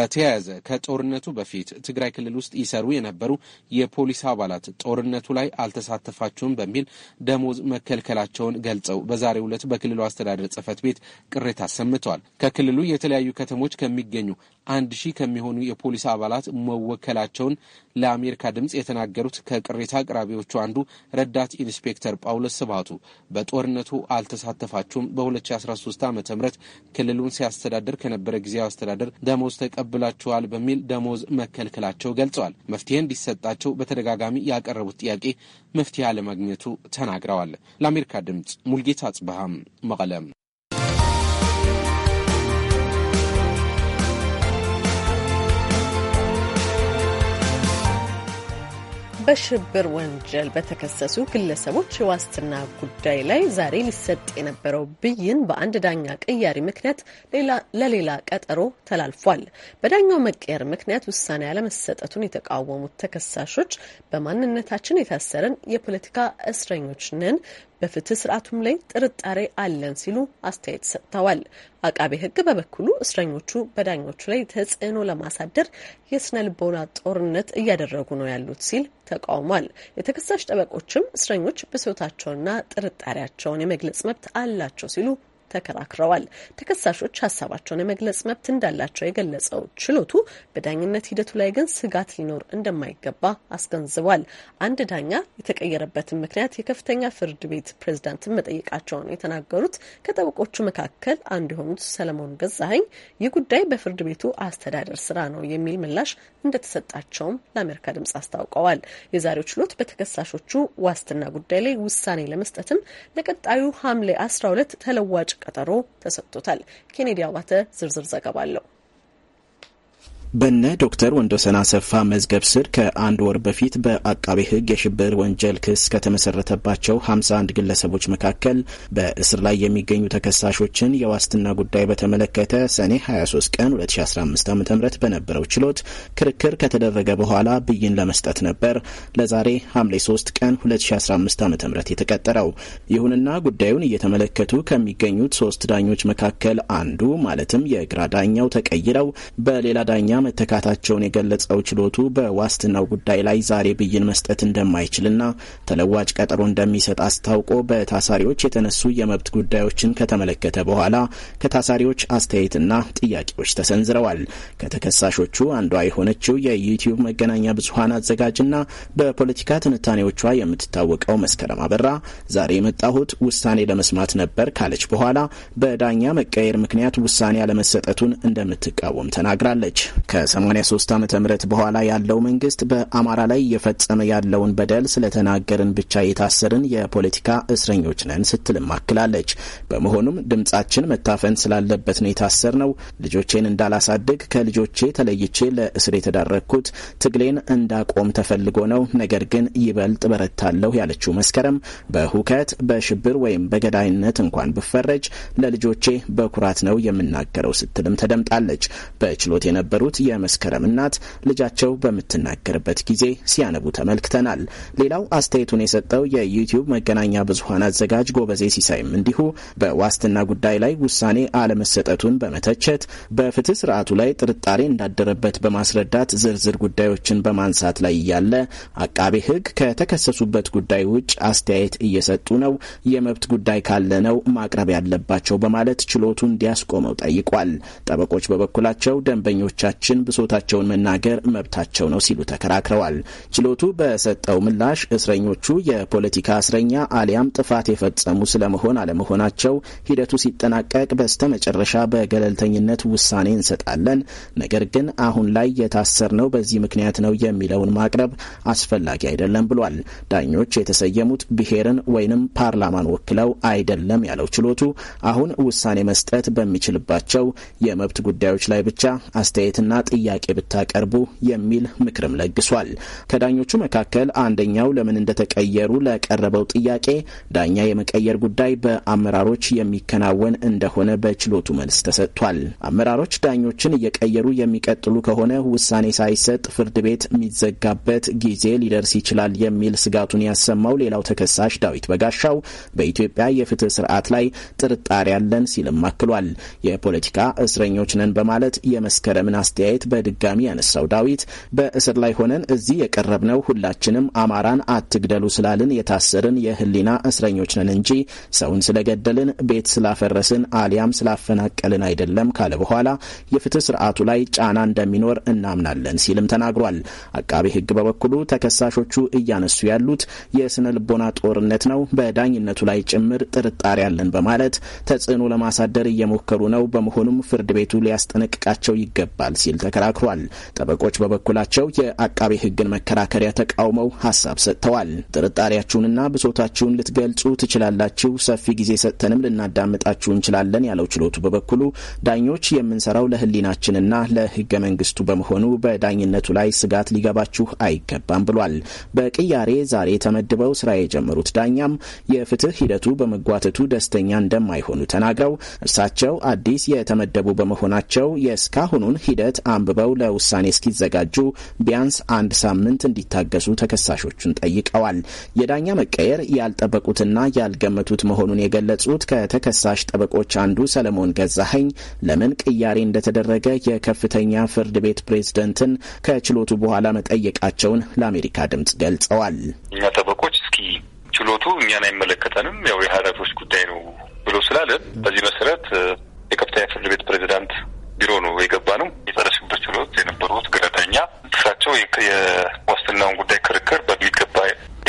በተያያዘ ከጦርነቱ በፊት ትግራይ ክልል ውስጥ ይሰሩ የነበሩ የፖሊስ አባላት ጦርነቱ ላይ አልተሳተፋችሁም በሚል ደሞዝ መከልከላቸውን ገልጸው በዛሬው ዕለት በክልሉ አስተዳደር ጽህፈት ቤት ቅሬታ አሰምተዋል። ከክልሉ የተለያዩ ከተሞች ከሚገኙ አንድ ሺህ ከሚሆኑ የፖሊስ አባላት መወከላቸውን ለአሜሪካ ድምፅ የተናገሩት ከቅሬታ አቅራቢዎቹ አንዱ ረዳት ኢንስፔክተር ጳውሎስ ስባቱ በጦርነቱ አልተሳተፋችሁም፣ በ2013 ዓ ም ክልሉን ሲያስተዳድር ከነበረ ጊዜያዊ አስተዳደር ደሞዝ ተቀብላችኋል በሚል ደሞዝ መከልከላቸው ገልጸዋል። መፍትሄ እንዲሰጣቸው በተደጋጋሚ ያቀረቡት ጥያቄ መፍትሄ አለማግኘቱ ተናግረዋል። ለአሜሪካ ድምፅ ሙልጌታ አጽበሃም መቀለም በሽብር ወንጀል በተከሰሱ ግለሰቦች የዋስትና ጉዳይ ላይ ዛሬ ሊሰጥ የነበረው ብይን በአንድ ዳኛ ቅያሪ ምክንያት ለሌላ ቀጠሮ ተላልፏል። በዳኛው መቀየር ምክንያት ውሳኔ ያለመሰጠቱን የተቃወሙት ተከሳሾች በማንነታችን የታሰርን የፖለቲካ እስረኞች ነን፣ በፍትህ ስርዓቱም ላይ ጥርጣሬ አለን ሲሉ አስተያየት ሰጥተዋል። አቃቤ ሕግ በበኩሉ እስረኞቹ በዳኞቹ ላይ ተጽዕኖ ለማሳደር የስነ ልቦና ጦርነት እያደረጉ ነው ያሉት ሲል ተቃውሟል። የተከሳሽ ጠበቆችም እስረኞች ብሶታቸውንና ጥርጣሬያቸውን የመግለጽ መብት አላቸው ሲሉ ተከራክረዋል። ተከሳሾች ሀሳባቸውን የመግለጽ መብት እንዳላቸው የገለጸው ችሎቱ በዳኝነት ሂደቱ ላይ ግን ስጋት ሊኖር እንደማይገባ አስገንዝቧል። አንድ ዳኛ የተቀየረበትን ምክንያት የከፍተኛ ፍርድ ቤት ፕሬዝዳንትን መጠየቃቸውን የተናገሩት ከጠበቆቹ መካከል አንዱ የሆኑት ሰለሞን ገዛኸኝ ይህ ጉዳይ በፍርድ ቤቱ አስተዳደር ስራ ነው የሚል ምላሽ እንደተሰጣቸውም ለአሜሪካ ድምጽ አስታውቀዋል። የዛሬው ችሎት በተከሳሾቹ ዋስትና ጉዳይ ላይ ውሳኔ ለመስጠትም ለቀጣዩ ሐምሌ 12 ተለዋጭ ቀጠሮ ተሰጥቶታል። ኬኔዲ አባተ ዝርዝር ዘገባ አለው። በነ ዶክተር ወንዶሰን አሰፋ መዝገብ ስር ከአንድ ወር በፊት በአቃቤ ሕግ የሽብር ወንጀል ክስ ከተመሰረተባቸው 51 ግለሰቦች መካከል በእስር ላይ የሚገኙ ተከሳሾችን የዋስትና ጉዳይ በተመለከተ ሰኔ 23 ቀን 2015 ዓ ም በነበረው ችሎት ክርክር ከተደረገ በኋላ ብይን ለመስጠት ነበር ለዛሬ ሐምሌ 3 ቀን 2015 ዓ ም የተቀጠረው። ይሁንና ጉዳዩን እየተመለከቱ ከሚገኙት ሶስት ዳኞች መካከል አንዱ ማለትም የግራ ዳኛው ተቀይረው በሌላ ዳኛ መተካታቸውን የገለጸው ችሎቱ በዋስትናው ጉዳይ ላይ ዛሬ ብይን መስጠት እንደማይችልና ተለዋጭ ቀጠሮ እንደሚሰጥ አስታውቆ በታሳሪዎች የተነሱ የመብት ጉዳዮችን ከተመለከተ በኋላ ከታሳሪዎች አስተያየትና ጥያቄዎች ተሰንዝረዋል። ከተከሳሾቹ አንዷ የሆነችው የዩቲዩብ መገናኛ ብዙኃን አዘጋጅና በፖለቲካ ትንታኔዎቿ የምትታወቀው መስከረም አበራ ዛሬ የመጣሁት ውሳኔ ለመስማት ነበር ካለች በኋላ በዳኛ መቀየር ምክንያት ውሳኔ አለመሰጠቱን እንደምትቃወም ተናግራለች። ከ83 ዓ ም በኋላ ያለው መንግስት በአማራ ላይ እየፈጸመ ያለውን በደል ስለተናገርን ብቻ የታሰርን የፖለቲካ እስረኞች ነን ስትል ማክላለች። በመሆኑም ድምጻችን መታፈን ስላለበት ነው የታሰርነው። ልጆቼን እንዳላሳድግ ከልጆቼ ተለይቼ ለእስር የተዳረግኩት ትግሌን እንዳቆም ተፈልጎ ነው። ነገር ግን ይበልጥ በረታለሁ ያለችው መስከረም በሁከት በሽብር ወይም በገዳይነት እንኳን ብፈረጅ ለልጆቼ በኩራት ነው የምናገረው ስትልም ተደምጣለች። በችሎት የነበሩት የመስከረም እናት ልጃቸው በምትናገርበት ጊዜ ሲያነቡ ተመልክተናል። ሌላው አስተያየቱን የሰጠው የዩቲዩብ መገናኛ ብዙኃን አዘጋጅ ጎበዜ ሲሳይም እንዲሁ በዋስትና ጉዳይ ላይ ውሳኔ አለመሰጠቱን በመተቸት በፍትህ ስርዓቱ ላይ ጥርጣሬ እንዳደረበት በማስረዳት ዝርዝር ጉዳዮችን በማንሳት ላይ እያለ አቃቤ ሕግ ከተከሰሱበት ጉዳይ ውጭ አስተያየት እየሰጡ ነው፣ የመብት ጉዳይ ካለ ነው ማቅረብ ያለባቸው በማለት ችሎቱ እንዲያስቆመው ጠይቋል። ጠበቆች በበኩላቸው ደንበኞቻቸው ሰዎችን ብሶታቸውን መናገር መብታቸው ነው ሲሉ ተከራክረዋል። ችሎቱ በሰጠው ምላሽ እስረኞቹ የፖለቲካ እስረኛ አሊያም ጥፋት የፈጸሙ ስለመሆን አለመሆናቸው ሂደቱ ሲጠናቀቅ በስተመጨረሻ በገለልተኝነት ውሳኔ እንሰጣለን፣ ነገር ግን አሁን ላይ የታሰርነው በዚህ ምክንያት ነው የሚለውን ማቅረብ አስፈላጊ አይደለም ብሏል። ዳኞች የተሰየሙት ብሔርን ወይንም ፓርላማን ወክለው አይደለም ያለው ችሎቱ አሁን ውሳኔ መስጠት በሚችልባቸው የመብት ጉዳዮች ላይ ብቻ አስተያየትና ጥያቄ ብታቀርቡ የሚል ምክርም ለግሷል። ከዳኞቹ መካከል አንደኛው ለምን እንደተቀየሩ ለቀረበው ጥያቄ ዳኛ የመቀየር ጉዳይ በአመራሮች የሚከናወን እንደሆነ በችሎቱ መልስ ተሰጥቷል። አመራሮች ዳኞችን እየቀየሩ የሚቀጥሉ ከሆነ ውሳኔ ሳይሰጥ ፍርድ ቤት የሚዘጋበት ጊዜ ሊደርስ ይችላል የሚል ስጋቱን ያሰማው ሌላው ተከሳሽ ዳዊት በጋሻው በኢትዮጵያ የፍትህ ስርዓት ላይ ጥርጣሬ አለን ሲልም አክሏል። የፖለቲካ እስረኞች ነን በማለት የመስከረምን አስተያየት አስተያየት በድጋሚ ያነሳው ዳዊት በእስር ላይ ሆነን እዚህ የቀረብነው ሁላችንም አማራን አትግደሉ ስላልን የታሰርን የህሊና እስረኞች ነን እንጂ ሰውን ስለገደልን፣ ቤት ስላፈረስን አሊያም ስላፈናቀልን አይደለም ካለ በኋላ የፍትህ ስርዓቱ ላይ ጫና እንደሚኖር እናምናለን ሲልም ተናግሯል። አቃቤ ህግ በበኩሉ ተከሳሾቹ እያነሱ ያሉት የስነ ልቦና ጦርነት ነው፣ በዳኝነቱ ላይ ጭምር ጥርጣሬ አለን በማለት ተጽዕኖ ለማሳደር እየሞከሩ ነው። በመሆኑም ፍርድ ቤቱ ሊያስጠነቅቃቸው ይገባል ሲል ተከራክሯል። ጠበቆች በበኩላቸው የአቃቤ ሕግን መከራከሪያ ተቃውመው ሀሳብ ሰጥተዋል። ጥርጣሬያችሁንና ብሶታችሁን ልትገልጹ ትችላላችሁ፣ ሰፊ ጊዜ ሰጥተንም ልናዳምጣችሁ እንችላለን ያለው ችሎቱ በበኩሉ ዳኞች የምንሰራው ለሕሊናችንና ለሕገ መንግስቱ በመሆኑ በዳኝነቱ ላይ ስጋት ሊገባችሁ አይገባም ብሏል። በቅያሬ ዛሬ ተመድበው ስራ የጀመሩት ዳኛም የፍትህ ሂደቱ በመጓተቱ ደስተኛ እንደማይሆኑ ተናግረው እርሳቸው አዲስ የተመደቡ በመሆናቸው የእስካሁኑን ሂደት አንብበው ለውሳኔ እስኪዘጋጁ ቢያንስ አንድ ሳምንት እንዲታገሱ ተከሳሾቹን ጠይቀዋል። የዳኛ መቀየር ያልጠበቁትና ያልገመቱት መሆኑን የገለጹት ከተከሳሽ ጠበቆች አንዱ ሰለሞን ገዛኸኝ ለምን ቅያሬ እንደተደረገ የከፍተኛ ፍርድ ቤት ፕሬዝደንትን ከችሎቱ በኋላ መጠየቃቸውን ለአሜሪካ ድምጽ ገልጸዋል። እኛ ጠበቆች እስኪ ችሎቱ እኛን አይመለከተንም ያው የሀረቶች ጉዳይ ነው ብሎ ስላለን በዚህ መሰረት የከፍተኛ ፍርድ ቤት ፕሬዝዳንት ቢሮ ነው የገባ ነው። የጸረ ሽብር ችሎት የነበሩት ገለልተኛ እሳቸው የዋስትናውን ጉዳይ ክርክር በሚገባ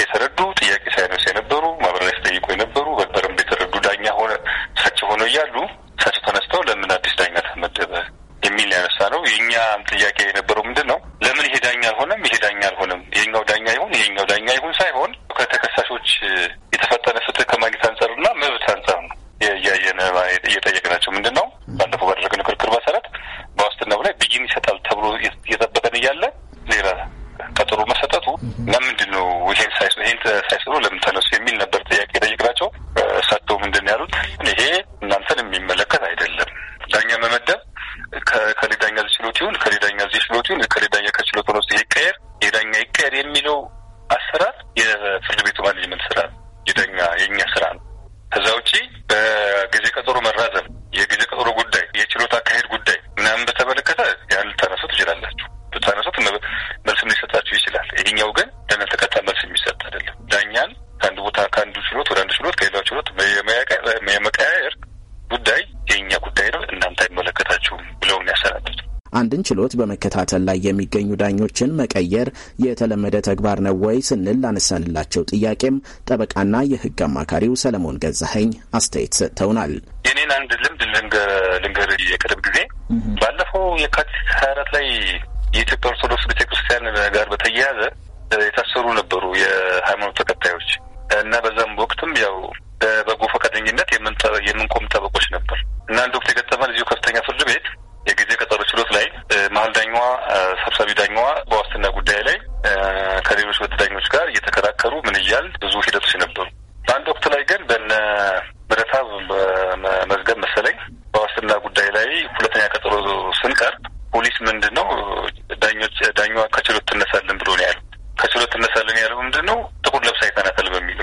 የተረዱ ጥያቄ ሳይነስ የነበሩ ማብራሪያ ሲጠይቁ የነበሩ በደንብ የተረዱ ዳኛ ሆነ እሳቸው ሆነው እያሉ እሳቸው ተነስተው ለምን አዲስ ዳኛ ተመደበ የሚል ያነሳ ነው። የእኛም ጥያቄ የነበ ችሎት በመከታተል ላይ የሚገኙ ዳኞችን መቀየር የተለመደ ተግባር ነው ወይ ስንል ላነሳንላቸው ጥያቄም ጠበቃና የህግ አማካሪው ሰለሞን ገዛኸኝ አስተያየት ሰጥተውናል። የኔን አንድ ልምድ ልንገር። የቅርብ ጊዜ ባለፈው የካቲት ሀያ አራት ላይ የኢትዮጵያ ኦርቶዶክስ ቤተክርስቲያን ጋር በተያያዘ የታሰሩ ነበሩ የሃይማኖት ተከታዮች እና በዛም ወቅትም ያው በበጎ ፈቃደኝነት የምንቆም ጠበቆች ነበር እና አንድ ወቅት የገጠመን እዚሁ ከፍተኛ ፍርድ ቤት የጊዜ ቀጠሮ ችሎት ላይ መሀል ዳኛዋ፣ ሰብሳቢ ዳኛዋ በዋስትና ጉዳይ ላይ ከሌሎች በዳኞች ጋር እየተከራከሩ ምን እያል ብዙ ሂደቶች ነበሩ። በአንድ ወቅት ላይ ግን በነ ምረታብ መዝገብ መሰለኝ በዋስትና ጉዳይ ላይ ሁለተኛ ቀጠሮ ስንቀርብ ፖሊስ ምንድን ነው ዳኞች ዳኛዋ ከችሎት ትነሳለን ብሎ ነው ያለው። ከችሎት ትነሳለን ያለው ምንድን ነው ጥቁር ለብሳ አይታናታል በሚል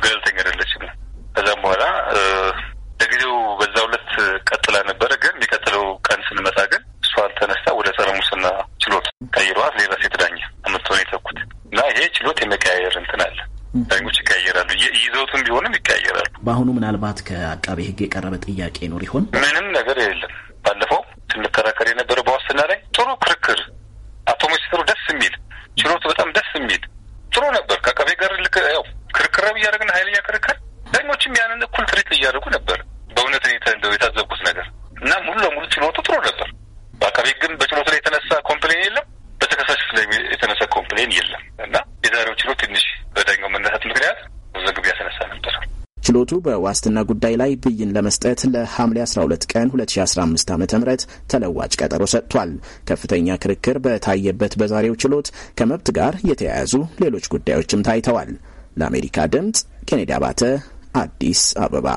ዳኞች ይቀያየራሉ። ይዘውትም ቢሆንም ይቀያየራሉ። በአሁኑ ምናልባት ከአቃቤ ሕግ የቀረበ ጥያቄ ኖር ይሆን? ምንም ነገር በዋስትና ጉዳይ ላይ ብይን ለመስጠት ለሐምሌ 12 ቀን 2015 ዓ ም ተለዋጭ ቀጠሮ ሰጥቷል። ከፍተኛ ክርክር በታየበት በዛሬው ችሎት ከመብት ጋር የተያያዙ ሌሎች ጉዳዮችም ታይተዋል። ለአሜሪካ ድምፅ ኬኔዲ አባተ አዲስ አበባ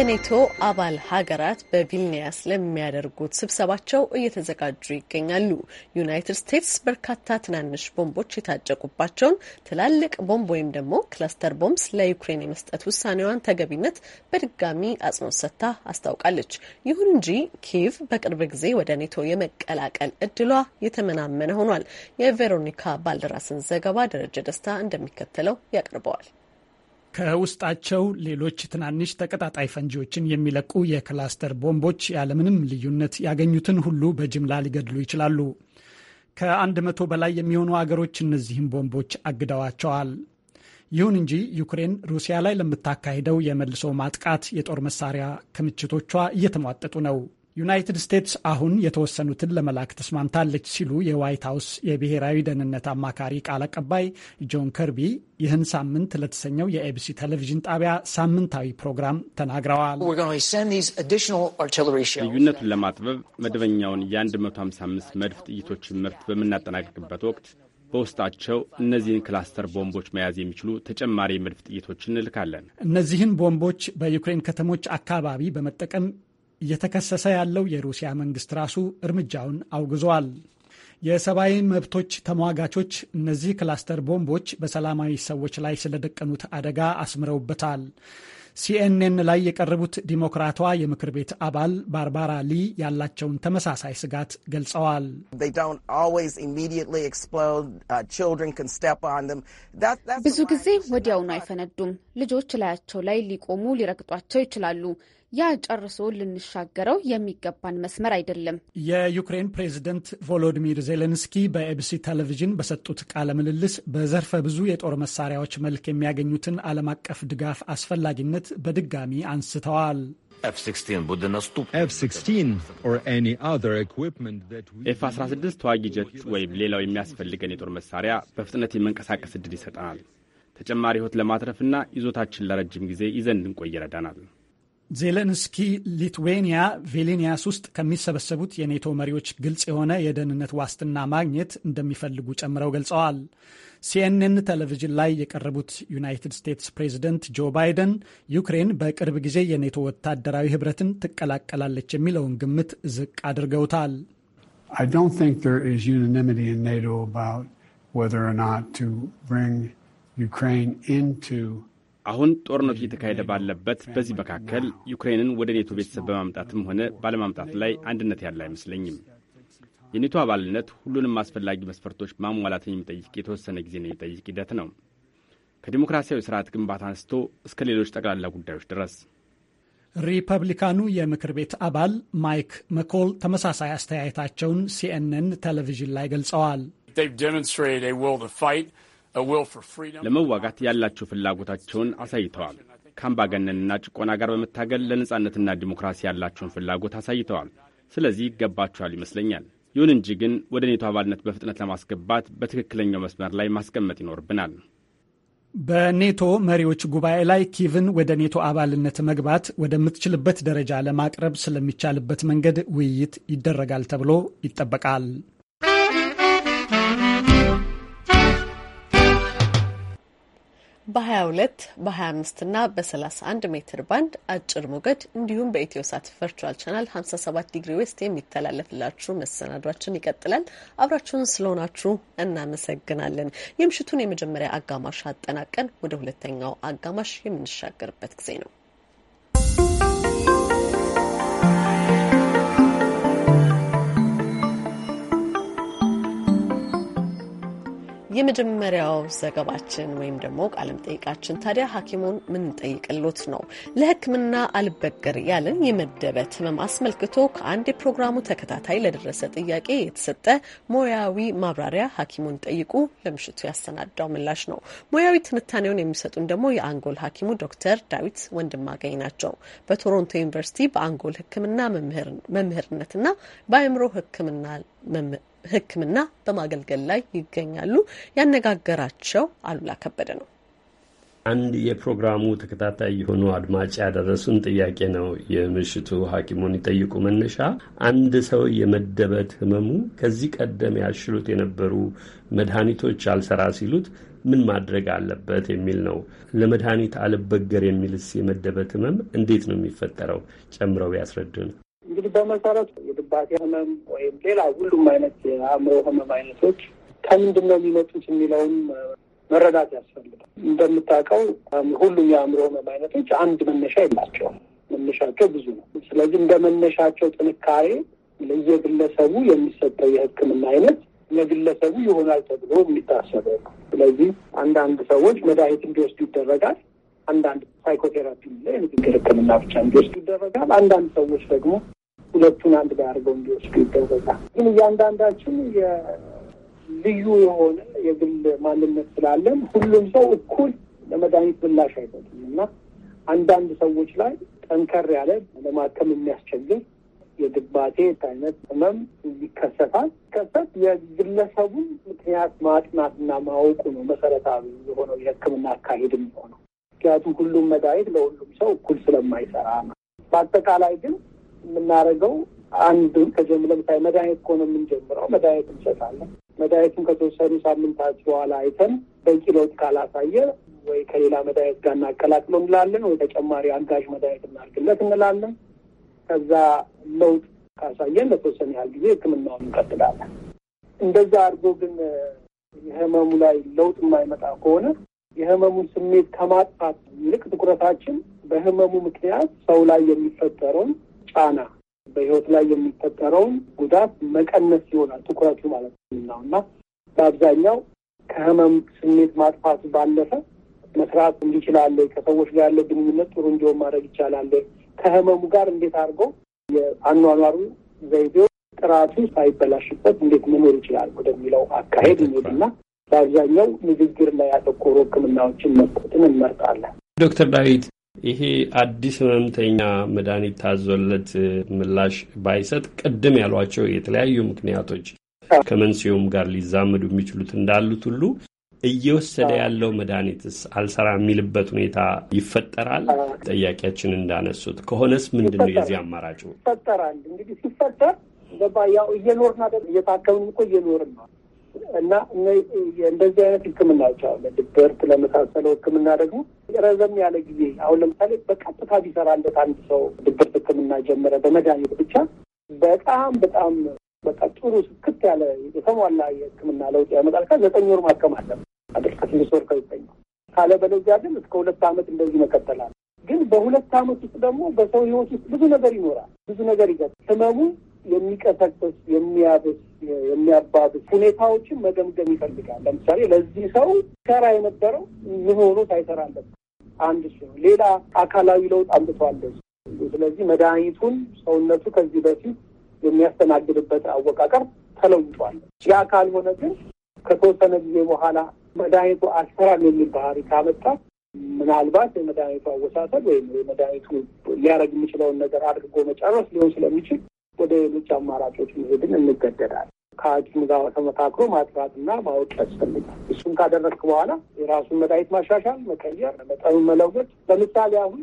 የኔቶ አባል ሀገራት በቪልኒያስ ለሚያደርጉት ስብሰባቸው እየተዘጋጁ ይገኛሉ። ዩናይትድ ስቴትስ በርካታ ትናንሽ ቦምቦች የታጨቁባቸውን ትላልቅ ቦምብ ወይም ደግሞ ክላስተር ቦምብስ ለዩክሬን የመስጠት ውሳኔዋን ተገቢነት በድጋሚ አጽንኦት ሰጥታ አስታውቃለች። ይሁን እንጂ ኪቭ በቅርብ ጊዜ ወደ ኔቶ የመቀላቀል እድሏ የተመናመነ ሆኗል። የቬሮኒካ ባልደራስን ዘገባ ደረጀ ደስታ እንደሚከተለው ያቀርበዋል። ከውስጣቸው ሌሎች ትናንሽ ተቀጣጣይ ፈንጂዎችን የሚለቁ የክላስተር ቦምቦች ያለምንም ልዩነት ያገኙትን ሁሉ በጅምላ ሊገድሉ ይችላሉ። ከአንድ መቶ በላይ የሚሆኑ አገሮች እነዚህን ቦምቦች አግደዋቸዋል። ይሁን እንጂ ዩክሬን ሩሲያ ላይ ለምታካሄደው የመልሶ ማጥቃት የጦር መሳሪያ ክምችቶቿ እየተሟጠጡ ነው። ዩናይትድ ስቴትስ አሁን የተወሰኑትን ለመላክ ተስማምታለች ሲሉ የዋይት ሀውስ የብሔራዊ ደህንነት አማካሪ ቃል አቀባይ ጆን ከርቢ ይህን ሳምንት ለተሰኘው የኤቢሲ ቴሌቪዥን ጣቢያ ሳምንታዊ ፕሮግራም ተናግረዋል። ልዩነቱን ለማጥበብ መደበኛውን የ155 መድፍ ጥይቶችን ምርት በምናጠናቀቅበት ወቅት በውስጣቸው እነዚህን ክላስተር ቦምቦች መያዝ የሚችሉ ተጨማሪ መድፍ ጥይቶች እንልካለን። እነዚህን ቦምቦች በዩክሬን ከተሞች አካባቢ በመጠቀም እየተከሰሰ ያለው የሩሲያ መንግስት ራሱ እርምጃውን አውግዟል። የሰብአዊ መብቶች ተሟጋቾች እነዚህ ክላስተር ቦምቦች በሰላማዊ ሰዎች ላይ ስለደቀኑት አደጋ አስምረውበታል። ሲኤንኤን ላይ የቀረቡት ዲሞክራቷ የምክር ቤት አባል ባርባራ ሊ ያላቸውን ተመሳሳይ ስጋት ገልጸዋል። uh, ብዙ ጊዜ ወዲያውኑ አይፈነዱም። ልጆች ላያቸው ላይ ሊቆሙ ሊረግጧቸው ይችላሉ። ያ ጨርሶ ልንሻገረው የሚገባን መስመር አይደለም። የዩክሬን ፕሬዝደንት ቮሎዲሚር ዜሌንስኪ በኤቢሲ ቴሌቪዥን በሰጡት ቃለ ምልልስ በዘርፈ ብዙ የጦር መሳሪያዎች መልክ የሚያገኙትን ዓለም አቀፍ ድጋፍ አስፈላጊነት በድጋሚ አንስተዋል። ኤፍ 16 ተዋጊ ጀት ወይም ሌላው የሚያስፈልገን የጦር መሳሪያ በፍጥነት የመንቀሳቀስ ዕድል ይሰጠናል። ተጨማሪ ህይወት ለማትረፍና ይዞታችን ለረጅም ጊዜ ይዘን እንድንቆይ ይረዳናል። ዜሌንስኪ ሊትዌኒያ ቪሊኒያስ ውስጥ ከሚሰበሰቡት የኔቶ መሪዎች ግልጽ የሆነ የደህንነት ዋስትና ማግኘት እንደሚፈልጉ ጨምረው ገልጸዋል። ሲኤንኤን ቴሌቪዥን ላይ የቀረቡት ዩናይትድ ስቴትስ ፕሬዚደንት ጆ ባይደን ዩክሬን በቅርብ ጊዜ የኔቶ ወታደራዊ ህብረትን ትቀላቀላለች የሚለውን ግምት ዝቅ አድርገውታል። አሁን ጦርነቱ እየተካሄደ ባለበት በዚህ መካከል ዩክሬንን ወደ ኔቶ ቤተሰብ በማምጣትም ሆነ ባለማምጣት ላይ አንድነት ያለ አይመስለኝም። የኔቶ አባልነት ሁሉንም አስፈላጊ መስፈርቶች ማሟላትን የሚጠይቅ የተወሰነ ጊዜ የሚጠይቅ ሂደት ነው ከዲሞክራሲያዊ ስርዓት ግንባታ አንስቶ እስከ ሌሎች ጠቅላላ ጉዳዮች ድረስ። ሪፐብሊካኑ የምክር ቤት አባል ማይክ መኮል ተመሳሳይ አስተያየታቸውን ሲኤንኤን ቴሌቪዥን ላይ ገልጸዋል። ለመዋጋት ያላቸው ፍላጎታቸውን አሳይተዋል። ከአምባገነንና ጭቆና ጋር በመታገል ለነጻነትና ዲሞክራሲ ያላቸውን ፍላጎት አሳይተዋል። ስለዚህ ይገባቸዋል ይመስለኛል። ይሁን እንጂ ግን ወደ ኔቶ አባልነት በፍጥነት ለማስገባት በትክክለኛው መስመር ላይ ማስቀመጥ ይኖርብናል። በኔቶ መሪዎች ጉባኤ ላይ ኪቭን ወደ ኔቶ አባልነት መግባት ወደምትችልበት ደረጃ ለማቅረብ ስለሚቻልበት መንገድ ውይይት ይደረጋል ተብሎ ይጠበቃል። በ22 በ25 እና በ31 ሜትር ባንድ አጭር ሞገድ እንዲሁም በኢትዮ ሳት ቨርቹዋል ቻናል 57 ዲግሪ ዌስት የሚተላለፍላችሁ መሰናዷችን ይቀጥላል። አብራችሁን ስለሆናችሁ እናመሰግናለን። የምሽቱን የመጀመሪያ አጋማሽ አጠናቀን ወደ ሁለተኛው አጋማሽ የምንሻገርበት ጊዜ ነው። የመጀመሪያው ዘገባችን ወይም ደግሞ ቃለመጠይቃችን ታዲያ ሐኪሙን ምንጠይቅሎት ነው። ለሕክምና አልበገር ያለን የመደበት ህመም አስመልክቶ ከአንድ የፕሮግራሙ ተከታታይ ለደረሰ ጥያቄ የተሰጠ ሙያዊ ማብራሪያ ሐኪሙን ጠይቁ ለምሽቱ ያሰናዳው ምላሽ ነው። ሙያዊ ትንታኔውን የሚሰጡን ደግሞ የአንጎል ሐኪሙ ዶክተር ዳዊት ወንድማገኝ ናቸው። በቶሮንቶ ዩኒቨርሲቲ በአንጎል ሕክምና መምህርነትና በአእምሮ ሕክምና ሕክምና በማገልገል ላይ ይገኛሉ። ያነጋገራቸው አሉላ ከበደ ነው። አንድ የፕሮግራሙ ተከታታይ የሆኑ አድማጭ ያደረሱን ጥያቄ ነው። የምሽቱ ሐኪሙን ይጠይቁ መነሻ አንድ ሰው የመደበት ህመሙ ከዚህ ቀደም ያሽሉት የነበሩ መድኃኒቶች አልሰራ ሲሉት ምን ማድረግ አለበት የሚል ነው። ለመድኃኒት አልበገር የሚልስ የመደበት ህመም እንዴት ነው የሚፈጠረው? ጨምረው ያስረዱን። እንግዲህ በመሰረቱ የድባቴ ህመም ወይም ሌላ ሁሉም አይነት የአእምሮ ህመም አይነቶች ከምንድን ነው የሚመጡት የሚለውም መረዳት ያስፈልጋል። እንደምታውቀው ሁሉም የአእምሮ ህመም አይነቶች አንድ መነሻ የላቸውም። መነሻቸው ብዙ ነው። ስለዚህ እንደ መነሻቸው ጥንካሬ ለየግለሰቡ የሚሰጠው የህክምና አይነት ለግለሰቡ ይሆናል ተብሎ የሚታሰበው ነው። ስለዚህ አንዳንድ ሰዎች መድኃኒት እንዲወስዱ ይደረጋል። አንዳንድ ሳይኮቴራፒ ንግግር ህክምና ብቻ እንዲወስዱ ይደረጋል። አንዳንድ ሰዎች ደግሞ ሁለቱን አንድ ላይ አድርገው እንዲወስዱ ይደረጋል። ግን እያንዳንዳችን ልዩ የሆነ የግል ማንነት ስላለን ሁሉም ሰው እኩል ለመድኃኒት ምላሽ አይሰጡም እና አንዳንድ ሰዎች ላይ ጠንከር ያለ ለማከም የሚያስቸግር የድባቴ አይነት ህመም ይከሰታል። ከሰት የግለሰቡን ምክንያት ማጥናትና ማወቁ ነው መሰረታዊ የሆነው የህክምና አካሄድ የሚሆነው ምክንያቱም ሁሉም መድኃኒት ለሁሉም ሰው እኩል ስለማይሰራ ነው። በአጠቃላይ ግን የምናደርገው አንዱ ከጀም ለምሳሌ መድኃኒት ከሆነ የምንጀምረው መድኃኒት እንሰጣለን። መድኃኒቱን ከተወሰኑ ሳምንታት በኋላ አይተን በቂ ለውጥ ካላሳየ ወይ ከሌላ መድኃኒት ጋር እናቀላቅሎ እንላለን፣ ወይ ተጨማሪ አጋዥ መድኃኒት እናርግለት እንላለን። ከዛ ለውጥ ካሳየን ለተወሰነ ያህል ጊዜ ሕክምናውን እንቀጥላለን። እንደዛ አድርጎ ግን የህመሙ ላይ ለውጥ የማይመጣ ከሆነ የህመሙን ስሜት ከማጥፋት ይልቅ ትኩረታችን በህመሙ ምክንያት ሰው ላይ የሚፈጠረውን ጫና በህይወት ላይ የሚፈጠረውን ጉዳት መቀነስ ይሆናል ትኩረቱ ማለት ነው እና በአብዛኛው ከህመም ስሜት ማጥፋት ባለፈ መስራት እንዲችላለ ከሰዎች ጋር ያለ ግንኙነት ጥሩ እንዲሆን ማድረግ ይቻላለ። ከህመሙ ጋር እንዴት አድርጎ የአኗኗሩ ዘይቤው ጥራቱ ሳይበላሽበት እንዴት መኖር ይችላል ወደሚለው አካሄድ ይሄድና በአብዛኛው ንግግር ላይ ያተኮሩ ህክምናዎችን መስጠትን እንመርጣለን። ዶክተር ዳዊት ይሄ አዲስ ህመምተኛ መድኃኒት ታዞለት ምላሽ ባይሰጥ ቅድም ያሏቸው የተለያዩ ምክንያቶች ከመንስኤውም ጋር ሊዛመዱ የሚችሉት እንዳሉት ሁሉ እየወሰደ ያለው መድኃኒትስ አልሰራ የሚልበት ሁኔታ ይፈጠራል። ጠያቂያችን እንዳነሱት ከሆነስ ምንድን ነው የዚህ አማራጭ? ይፈጠራል እንግዲህ ሲፈጠር ያው እየኖርን አይደል? እየታከምን እኮ እየኖርን ነው እና እንደዚህ አይነት ህክምናዎች አለ ድብርት ለመሳሰለው ህክምና ደግሞ ረዘም ያለ ጊዜ አሁን ለምሳሌ በቀጥታ ቢሰራለት አንድ ሰው ድብርት ሕክምና ጀመረ በመድኃኒት ብቻ በጣም በጣም በቃ ጥሩ ስክት ያለ የተሟላ የሕክምና ለውጥ ያመጣል። ዘጠኝ ወር ማከም አለ አድርቀት ሊሶር ከዘጠኝ ካለ በለዚያ ግን እስከ ሁለት ዓመት እንደዚህ መቀጠላል። ግን በሁለት ዓመት ውስጥ ደግሞ በሰው ህይወት ውስጥ ብዙ ነገር ይኖራል፣ ብዙ ነገር ይገ ህመሙ የሚቀሰቅስ የሚያብስ የሚያባብስ ሁኔታዎችን መገምገም ይፈልጋል። ለምሳሌ ለዚህ ሰው ሰራ የነበረው ምን ሆኖ ሳይሰራለት አንድ ሲሆን ሌላ አካላዊ ለውጥ አምጥቷለች ስለዚህ መድኃኒቱን ሰውነቱ ከዚህ በፊት የሚያስተናግድበት አወቃቀር ተለውጧል። ያ ካልሆነ ግን ከተወሰነ ጊዜ በኋላ መድኃኒቱ አሰራር የሚል ባህሪ ካመጣ ምናልባት የመድኃኒቱ አወሳሰብ ወይም የመድኃኒቱ ሊያደርግ የሚችለውን ነገር አድርጎ መጨረስ ሊሆን ስለሚችል ወደ ሌሎች አማራጮች መሄድን እንገደዳል። ከሐኪም ጋር ተመካክሮ ማጥራትና ማወቅ ያስፈልጋል። እሱን ካደረግክ በኋላ የራሱን መድኃኒት ማሻሻል፣ መቀየር፣ መጠኑን መለወጥ። ለምሳሌ አሁን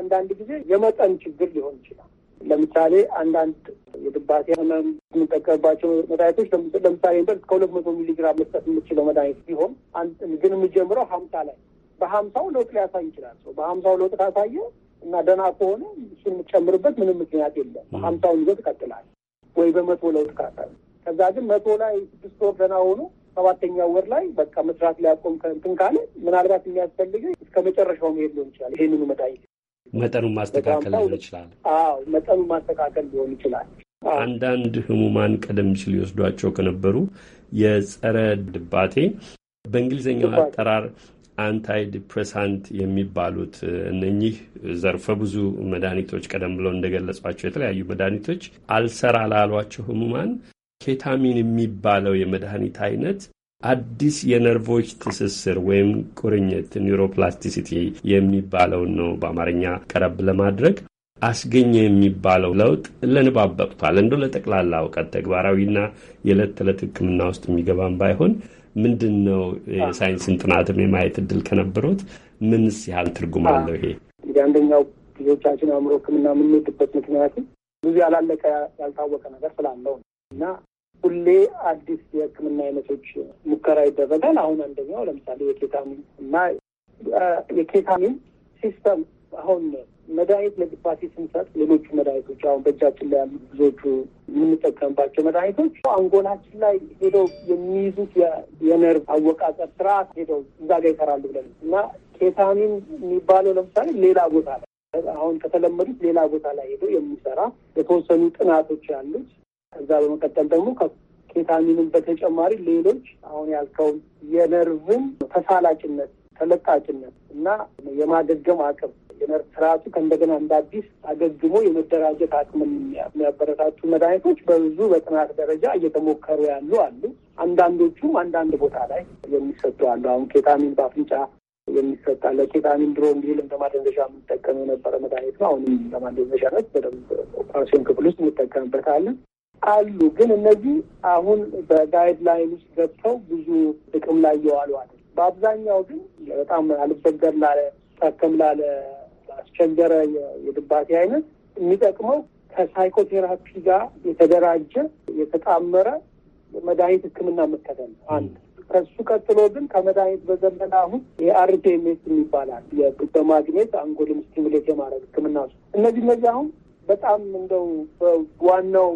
አንዳንድ ጊዜ የመጠን ችግር ሊሆን ይችላል። ለምሳሌ አንዳንድ የድባቴ ህመም የምንጠቀምባቸው መድኃኒቶች ለምሳሌ እስከ ሁለት መቶ ሚሊግራም መስጠት የምችለው መድኃኒት ቢሆን ግን የምጀምረው ሀምሳ ላይ በሀምሳው ለውጥ ሊያሳይ ይችላል። ሰው በሀምሳው ለውጥ ካሳየ እና ደህና ከሆነ እሱን የምትጨምርበት ምንም ምክንያት የለም። ሀምሳውን ይዘት ቀጥላል ወይ በመቶ ለውጥ ካሳየ ከዛ ግን መቶ ላይ ስድስት ወር ደህና ሆኖ ሰባተኛው ወር ላይ በቃ መስራት ሊያቆም ከእንትን ካለ ምናልባት የሚያስፈልገ እስከ መጨረሻው መሄድ ሊሆን ይችላል። ይሄንኑ መጣይ መጠኑን ማስተካከል ሊሆን ይችላል። አዎ መጠኑን ማስተካከል ሊሆን ይችላል። አንዳንድ ህሙማን ቀደም ሲል ይወስዷቸው ከነበሩ የጸረ ድባቴ በእንግሊዝኛው አጠራር አንታይ ዲፕሬሳንት የሚባሉት እነኚህ ዘርፈ ብዙ መድኃኒቶች ቀደም ብለው እንደገለጿቸው የተለያዩ መድኃኒቶች አልሰራ ላሏቸው ህሙማን ኬታሚን የሚባለው የመድኃኒት አይነት አዲስ የነርቮች ትስስር ወይም ቁርኝት ኒውሮፕላስቲሲቲ የሚባለውን ነው በአማርኛ ቀረብ ለማድረግ አስገኘ የሚባለው ለውጥ ለንባብ በቅቷል። እንደው ለጠቅላላ እውቀት ተግባራዊና የዕለት ተዕለት ሕክምና ውስጥ የሚገባም ባይሆን ምንድን ነው የሳይንስን ጥናትም የማየት እድል ከነበሩት ምንስ ያህል ትርጉም አለው? ይሄ እንግዲህ አንደኛው ብዙዎቻችን አእምሮ ሕክምና የምንወድበት ምክንያቱ ብዙ ያላለቀ ያልታወቀ ነገር ስላለው ነው። እና ሁሌ አዲስ የህክምና አይነቶች ሙከራ ይደረጋል። አሁን አንደኛው ለምሳሌ የኬታሚን እና የኬታሚን ሲስተም አሁን መድኃኒት ለግባሲ ስንሰጥ ሌሎቹ መድኃኒቶች አሁን በእጃችን ላይ ያሉ ብዙዎቹ የምንጠቀምባቸው መድኃኒቶች አንጎላችን ላይ ሄደው የሚይዙት የነርቭ አወቃቀር ስርዓት ሄደው እዛ ጋ ይሰራሉ ብለን እና ኬታሚን የሚባለው ለምሳሌ ሌላ ቦታ ላይ አሁን ከተለመዱት ሌላ ቦታ ላይ ሄደው የሚሰራ የተወሰኑ ጥናቶች ያሉት ከዛ በመቀጠል ደግሞ ከኬታሚንም በተጨማሪ ሌሎች አሁን ያልከውን የነርቭም ተሳላጭነት፣ ተለጣጭነት እና የማገገም አቅም የነርቭ ስርዓቱ ከእንደገና እንደ አዲስ አገግሞ የመደራጀት አቅምን የሚያበረታቱ መድኃኒቶች በብዙ በጥናት ደረጃ እየተሞከሩ ያሉ አሉ። አንዳንዶቹም አንዳንድ ቦታ ላይ የሚሰጡ አሉ። አሁን ኬታሚን በአፍንጫ የሚሰጣ ለኬታሚን ድሮ ሚል እንደ ማደንዘዣ የነበረ መድኃኒት ነው። አሁንም ነች። በደንብ ኦፕራሲዮን ክፍል ውስጥ እንጠቀምበታለን። አሉ። ግን እነዚህ አሁን በጋይድላይን ውስጥ ገብተው ብዙ ጥቅም ላይ የዋሉ አለ። በአብዛኛው ግን በጣም አልበገር ላለ ታከም ላለ አስቸገረ የድባቴ አይነት የሚጠቅመው ከሳይኮቴራፒ ጋር የተደራጀ የተጣመረ መድኃኒት ሕክምና መከተል ነው አንድ ከሱ ቀጥሎ ግን ከመድኃኒት በዘለለ አሁን የአርቴሜስ የሚባላል በማግኘት አንጎልም ስቲሙሌት የማድረግ ህክምና እነዚህ እነዚህ አሁን በጣም እንደው ዋናው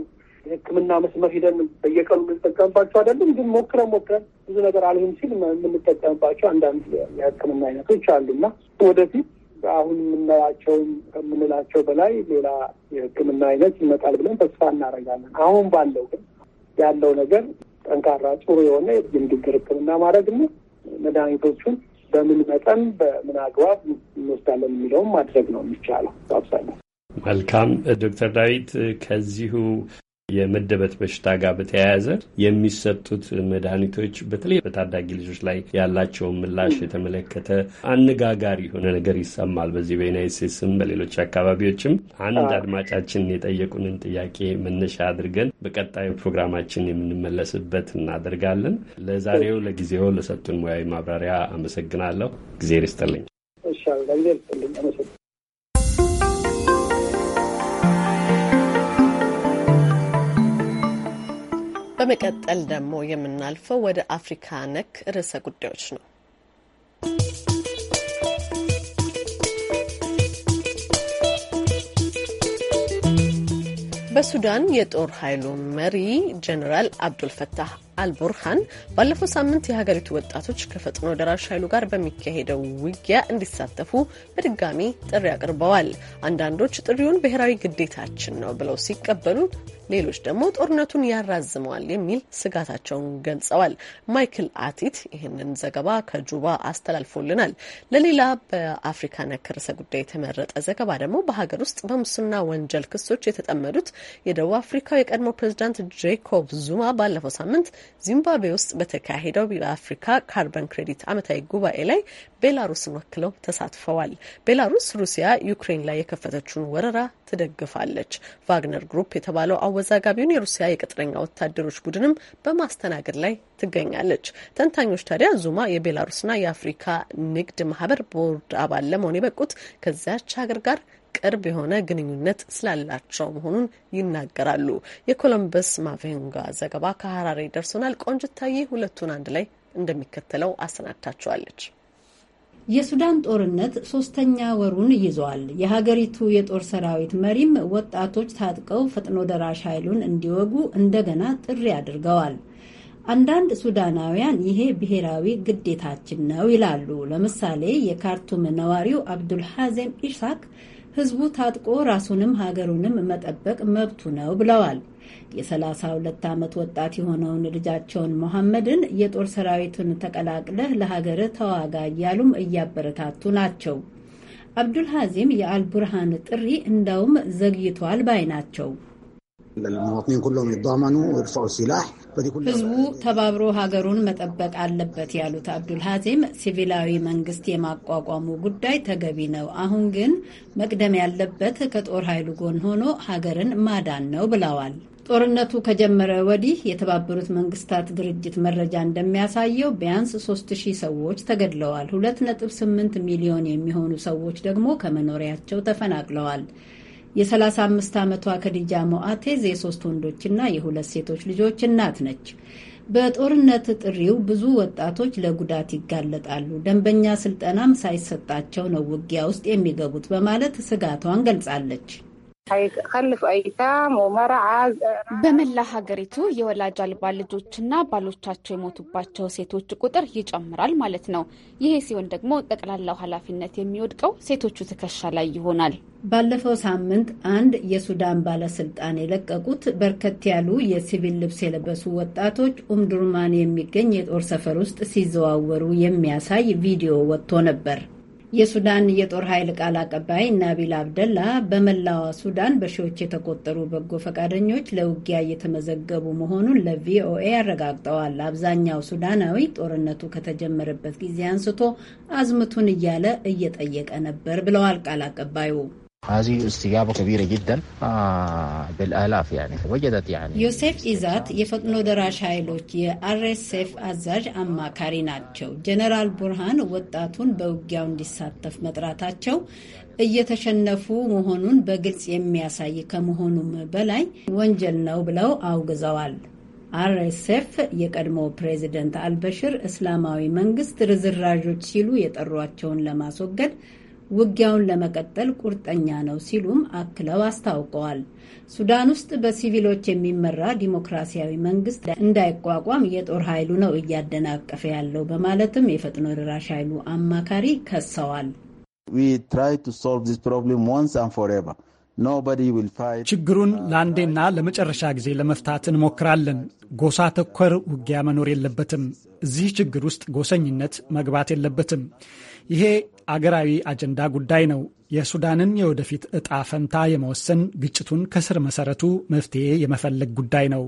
የሕክምና መስመር ሂደን በየቀኑ የምንጠቀምባቸው አይደለም፣ ግን ሞክረን ሞክረን ብዙ ነገር አልሆን ሲል የምንጠቀምባቸው አንዳንድ የሕክምና አይነቶች አሉና ወደፊት አሁን የምናያቸውም ከምንላቸው በላይ ሌላ የሕክምና አይነት ይመጣል ብለን ተስፋ እናደርጋለን። አሁን ባለው ግን ያለው ነገር ጠንካራ ጥሩ የሆነ የንግግር ሕክምና ማድረግ ነው። መድኃኒቶቹን በምን መጠን በምን አግባብ እንወስዳለን የሚለውም ማድረግ ነው የሚቻለው በአብዛኛው። መልካም ዶክተር ዳዊት ከዚሁ የመደበት በሽታ ጋር በተያያዘ የሚሰጡት መድኃኒቶች በተለይ በታዳጊ ልጆች ላይ ያላቸውን ምላሽ የተመለከተ አነጋጋሪ የሆነ ነገር ይሰማል። በዚህ በዩናይት ስቴትስም በሌሎች አካባቢዎችም አንድ አድማጫችን የጠየቁንን ጥያቄ መነሻ አድርገን በቀጣዩ ፕሮግራማችን የምንመለስበት እናደርጋለን። ለዛሬው ለጊዜው ለሰጡን ሙያዊ ማብራሪያ አመሰግናለሁ። ጊዜ ርስጥልኝ። በመቀጠል ደግሞ የምናልፈው ወደ አፍሪካ ነክ ርዕሰ ጉዳዮች ነው። በሱዳን የጦር ኃይሉ መሪ ጀኔራል አብዱልፈታህ አልቡርሃን ባለፈው ሳምንት የሀገሪቱ ወጣቶች ከፈጥኖ ደራሽ ኃይሉ ጋር በሚካሄደው ውጊያ እንዲሳተፉ በድጋሚ ጥሪ አቅርበዋል። አንዳንዶች ጥሪውን ብሔራዊ ግዴታችን ነው ብለው ሲቀበሉ፣ ሌሎች ደግሞ ጦርነቱን ያራዝመዋል የሚል ስጋታቸውን ገልጸዋል። ማይክል አቲት ይህንን ዘገባ ከጁባ አስተላልፎልናል። ለሌላ በአፍሪካ ነክ ርዕሰ ጉዳይ የተመረጠ ዘገባ ደግሞ በሀገር ውስጥ በሙስና ወንጀል ክሶች የተጠመዱት የደቡብ አፍሪካው የቀድሞ ፕሬዚዳንት ጄኮብ ዙማ ባለፈው ሳምንት ዚምባብዌ ውስጥ በተካሄደው የአፍሪካ ካርበን ክሬዲት ዓመታዊ ጉባኤ ላይ ቤላሩስን ወክለው ተሳትፈዋል። ቤላሩስ ሩሲያ ዩክሬን ላይ የከፈተችውን ወረራ ትደግፋለች። ቫግነር ግሩፕ የተባለው አወዛጋቢውን የሩሲያ የቅጥረኛ ወታደሮች ቡድንም በማስተናገድ ላይ ትገኛለች። ተንታኞች ታዲያ ዙማ የቤላሩስና የአፍሪካ ንግድ ማህበር ቦርድ አባል ለመሆን የበቁት ከዚያች ሀገር ጋር ቅርብ የሆነ ግንኙነት ስላላቸው መሆኑን ይናገራሉ። የኮሎምበስ ማቬንጋ ዘገባ ከሀራሬ ደርሶናል። ቆንጅታዬ ሁለቱን አንድ ላይ እንደሚከተለው አሰናድታቸዋለች። የሱዳን ጦርነት ሶስተኛ ወሩን ይዟል። የሀገሪቱ የጦር ሰራዊት መሪም ወጣቶች ታጥቀው ፈጥኖ ደራሽ ኃይሉን እንዲወጉ እንደገና ጥሪ አድርገዋል። አንዳንድ ሱዳናውያን ይሄ ብሔራዊ ግዴታችን ነው ይላሉ። ለምሳሌ የካርቱም ነዋሪው አብዱልሐዜም ኢሳክ ህዝቡ ታጥቆ ራሱንም ሀገሩንም መጠበቅ መብቱ ነው ብለዋል። የ32 ዓመት ወጣት የሆነውን ልጃቸውን ሞሐመድን የጦር ሰራዊቱን ተቀላቅለህ ለሀገር ተዋጋ እያሉም እያበረታቱ ናቸው። አብዱልሐዚም የአልቡርሃን ጥሪ እንደውም ዘግይቷል ባይ ናቸው። ህዝቡ ተባብሮ ሀገሩን መጠበቅ አለበት ያሉት አብዱልሐዚም ሲቪላዊ መንግስት የማቋቋሙ ጉዳይ ተገቢ ነው፣ አሁን ግን መቅደም ያለበት ከጦር ኃይሉ ጎን ሆኖ ሀገርን ማዳን ነው ብለዋል። ጦርነቱ ከጀመረ ወዲህ የተባበሩት መንግስታት ድርጅት መረጃ እንደሚያሳየው ቢያንስ 3000 ሰዎች ተገድለዋል። 2.8 ሚሊዮን የሚሆኑ ሰዎች ደግሞ ከመኖሪያቸው ተፈናቅለዋል። የ35 ዓመቷ ከዲጃ ሞአቴዝ የሶስት ወንዶችና የሁለት ሴቶች ልጆች እናት ነች። በጦርነት ጥሪው ብዙ ወጣቶች ለጉዳት ይጋለጣሉ፣ ደንበኛ ስልጠናም ሳይሰጣቸው ነው ውጊያ ውስጥ የሚገቡት በማለት ስጋቷን ገልጻለች። በመላ ሀገሪቱ የወላጅ አልባ ልጆችና ባሎቻቸው የሞቱባቸው ሴቶች ቁጥር ይጨምራል ማለት ነው። ይሄ ሲሆን ደግሞ ጠቅላላው ኃላፊነት የሚወድቀው ሴቶቹ ትከሻ ላይ ይሆናል። ባለፈው ሳምንት አንድ የሱዳን ባለስልጣን የለቀቁት በርከት ያሉ የሲቪል ልብስ የለበሱ ወጣቶች ኡምዱርማን የሚገኝ የጦር ሰፈር ውስጥ ሲዘዋወሩ የሚያሳይ ቪዲዮ ወጥቶ ነበር። የሱዳን የጦር ኃይል ቃል አቀባይ ናቢል አብደላ በመላዋ ሱዳን በሺዎች የተቆጠሩ በጎ ፈቃደኞች ለውጊያ እየተመዘገቡ መሆኑን ለቪኦኤ አረጋግጠዋል። አብዛኛው ሱዳናዊ ጦርነቱ ከተጀመረበት ጊዜ አንስቶ አዝምቱን እያለ እየጠየቀ ነበር ብለዋል ቃል አቀባዩ። ዮሴፍ ኢዛት የፈጥኖ ደራሽ ኃይሎች የአርኤስኤፍ አዛዥ አማካሪ ናቸው። ጀነራል ቡርሃን ወጣቱን በውጊያው እንዲሳተፍ መጥራታቸው እየተሸነፉ መሆኑን በግልጽ የሚያሳይ ከመሆኑም በላይ ወንጀል ነው ብለው አውግዘዋል። አርኤስኤፍ የቀድሞ ፕሬዚደንት አልበሽር እስላማዊ መንግስት ርዝራዦች ሲሉ የጠሯቸውን ለማስወገድ ውጊያውን ለመቀጠል ቁርጠኛ ነው ሲሉም አክለው አስታውቀዋል። ሱዳን ውስጥ በሲቪሎች የሚመራ ዲሞክራሲያዊ መንግስት እንዳይቋቋም የጦር ኃይሉ ነው እያደናቀፈ ያለው በማለትም የፈጥኖ ደራሽ ኃይሉ አማካሪ ከሰዋል። ችግሩን ለአንዴና ለመጨረሻ ጊዜ ለመፍታት እንሞክራለን። ጎሳ ተኮር ውጊያ መኖር የለበትም። እዚህ ችግር ውስጥ ጎሰኝነት መግባት የለበትም። ይሄ አገራዊ አጀንዳ ጉዳይ ነው። የሱዳንን የወደፊት እጣ ፈንታ የመወሰን ግጭቱን ከስር መሰረቱ መፍትሄ የመፈለግ ጉዳይ ነው።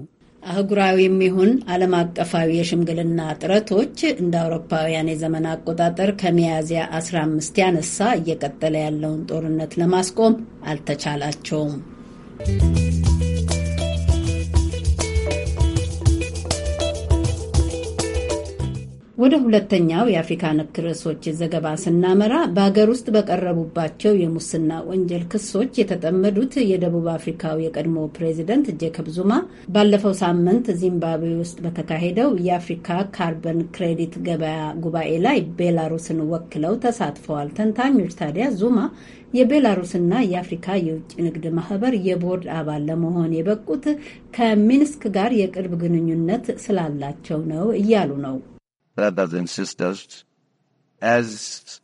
አህጉራዊም ይሁን ዓለም አቀፋዊ የሽምግልና ጥረቶች እንደ አውሮፓውያን የዘመን አቆጣጠር ከሚያዝያ 15 ያነሳ እየቀጠለ ያለውን ጦርነት ለማስቆም አልተቻላቸውም። ወደ ሁለተኛው የአፍሪካ ነክ ርዕሶች ዘገባ ስናመራ በአገር ውስጥ በቀረቡባቸው የሙስና ወንጀል ክሶች የተጠመዱት የደቡብ አፍሪካው የቀድሞ ፕሬዚደንት ጄኮብ ዙማ ባለፈው ሳምንት ዚምባብዌ ውስጥ በተካሄደው የአፍሪካ ካርበን ክሬዲት ገበያ ጉባኤ ላይ ቤላሩስን ወክለው ተሳትፈዋል። ተንታኞች ታዲያ ዙማ የቤላሩስና የአፍሪካ የውጭ ንግድ ማህበር የቦርድ አባል ለመሆን የበቁት ከሚንስክ ጋር የቅርብ ግንኙነት ስላላቸው ነው እያሉ ነው። brothers and sisters, as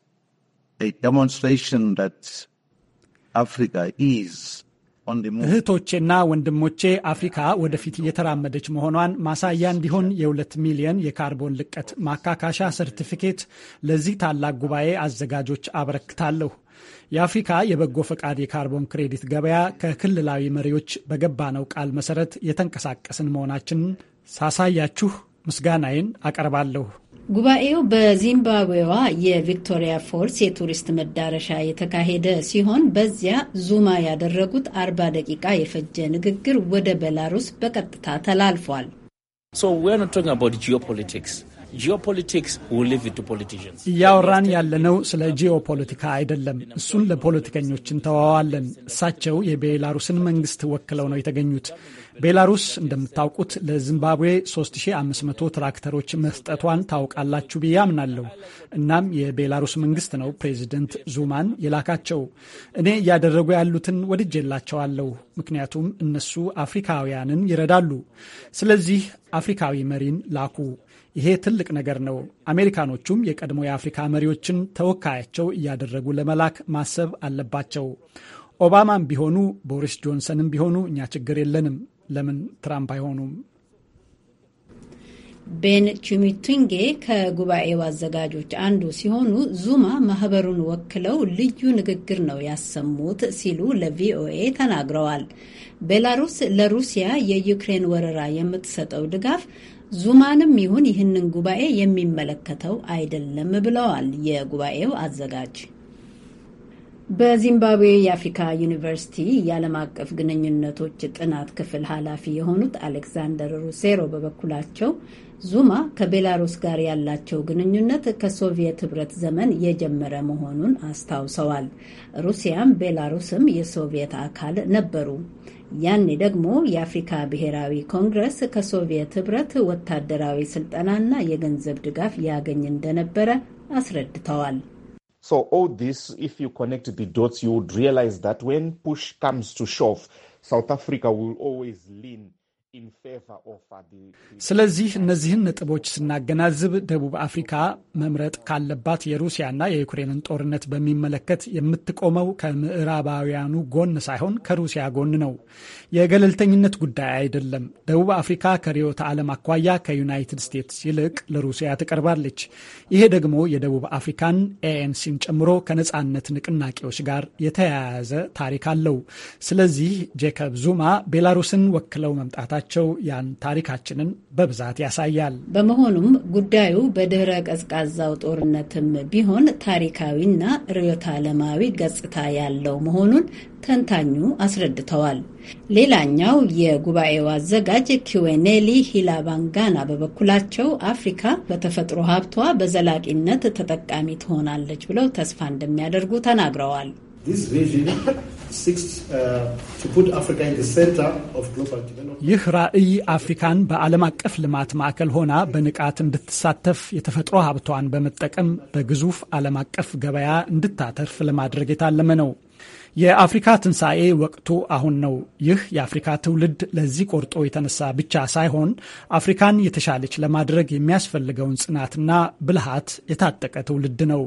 a demonstration that Africa is እህቶቼና ወንድሞቼ አፍሪካ ወደፊት እየተራመደች መሆኗን ማሳያ እንዲሆን የሁለት ሚሊዮን የካርቦን ልቀት ማካካሻ ሰርቲፊኬት ለዚህ ታላቅ ጉባኤ አዘጋጆች አበረክታለሁ። የአፍሪካ የበጎ ፈቃድ የካርቦን ክሬዲት ገበያ ከክልላዊ መሪዎች በገባነው ቃል መሰረት የተንቀሳቀስን መሆናችንን ሳሳያችሁ ምስጋናዬን አቀርባለሁ። ጉባኤው በዚምባብዌዋ የቪክቶሪያ ፎልስ የቱሪስት መዳረሻ የተካሄደ ሲሆን በዚያ ዙማ ያደረጉት አርባ ደቂቃ የፈጀ ንግግር ወደ ቤላሩስ በቀጥታ ተላልፏል። እያወራን ያለነው ስለ ጂኦፖለቲካ አይደለም። እሱን ለፖለቲከኞች እንተዋዋለን። እሳቸው የቤላሩስን መንግስት ወክለው ነው የተገኙት። ቤላሩስ እንደምታውቁት ለዚምባብዌ 3500 ትራክተሮች መስጠቷን ታውቃላችሁ ብዬ አምናለሁ። እናም የቤላሩስ መንግስት ነው ፕሬዚደንት ዙማን የላካቸው። እኔ እያደረጉ ያሉትን ወድጄላቸዋለሁ፣ ምክንያቱም እነሱ አፍሪካውያንን ይረዳሉ። ስለዚህ አፍሪካዊ መሪን ላኩ። ይሄ ትልቅ ነገር ነው። አሜሪካኖቹም የቀድሞ የአፍሪካ መሪዎችን ተወካያቸው እያደረጉ ለመላክ ማሰብ አለባቸው። ኦባማም ቢሆኑ ቦሪስ ጆንሰንም ቢሆኑ እኛ ችግር የለንም። ለምን ትራምፕ አይሆኑም? ቤን ቹሚቱንጌ ከጉባኤው አዘጋጆች አንዱ ሲሆኑ ዙማ ማህበሩን ወክለው ልዩ ንግግር ነው ያሰሙት ሲሉ ለቪኦኤ ተናግረዋል። ቤላሩስ ለሩሲያ የዩክሬን ወረራ የምትሰጠው ድጋፍ ዙማንም ይሁን ይህንን ጉባኤ የሚመለከተው አይደለም ብለዋል የጉባኤው አዘጋጅ በዚምባብዌ የአፍሪካ ዩኒቨርሲቲ የዓለም አቀፍ ግንኙነቶች ጥናት ክፍል ኃላፊ የሆኑት አሌክዛንደር ሩሴሮ በበኩላቸው ዙማ ከቤላሩስ ጋር ያላቸው ግንኙነት ከሶቪየት ሕብረት ዘመን የጀመረ መሆኑን አስታውሰዋል። ሩሲያም ቤላሩስም የሶቪየት አካል ነበሩ። ያኔ ደግሞ የአፍሪካ ብሔራዊ ኮንግረስ ከሶቪየት ሕብረት ወታደራዊ ስልጠናና የገንዘብ ድጋፍ ያገኝ እንደነበረ አስረድተዋል። So all this, if you connect the dots, you would realize that when push comes to shove, South Africa will always lean Uh, ስለዚህ እነዚህን ነጥቦች ስናገናዝብ ደቡብ አፍሪካ መምረጥ ካለባት የሩሲያና የዩክሬንን ጦርነት በሚመለከት የምትቆመው ከምዕራባውያኑ ጎን ሳይሆን ከሩሲያ ጎን ነው። የገለልተኝነት ጉዳይ አይደለም። ደቡብ አፍሪካ ከርዕዮተ ዓለም አኳያ ከዩናይትድ ስቴትስ ይልቅ ለሩሲያ ትቀርባለች። ይሄ ደግሞ የደቡብ አፍሪካን ኤኤንሲን ጨምሮ ከነጻነት ንቅናቄዎች ጋር የተያያዘ ታሪክ አለው። ስለዚህ ጄከብ ዙማ ቤላሩስን ወክለው መምጣታ። መሆናቸው ያን ታሪካችንን በብዛት ያሳያል። በመሆኑም ጉዳዩ በድህረ ቀዝቃዛው ጦርነትም ቢሆን ታሪካዊና ርዕዮተ ዓለማዊ ገጽታ ያለው መሆኑን ተንታኙ አስረድተዋል። ሌላኛው የጉባኤው አዘጋጅ ኪዌኔሊ ሂላባንጋና በበኩላቸው አፍሪካ በተፈጥሮ ሀብቷ በዘላቂነት ተጠቃሚ ትሆናለች ብለው ተስፋ እንደሚያደርጉ ተናግረዋል። Uh, ይህ ራዕይ አፍሪካን በዓለም አቀፍ ልማት ማዕከል ሆና በንቃት እንድትሳተፍ የተፈጥሮ ሀብቷን በመጠቀም በግዙፍ ዓለም አቀፍ ገበያ እንድታተርፍ ለማድረግ የታለመ ነው። የአፍሪካ ትንሣኤ ወቅቱ አሁን ነው። ይህ የአፍሪካ ትውልድ ለዚህ ቆርጦ የተነሳ ብቻ ሳይሆን አፍሪካን የተሻለች ለማድረግ የሚያስፈልገውን ጽናትና ብልሃት የታጠቀ ትውልድ ነው።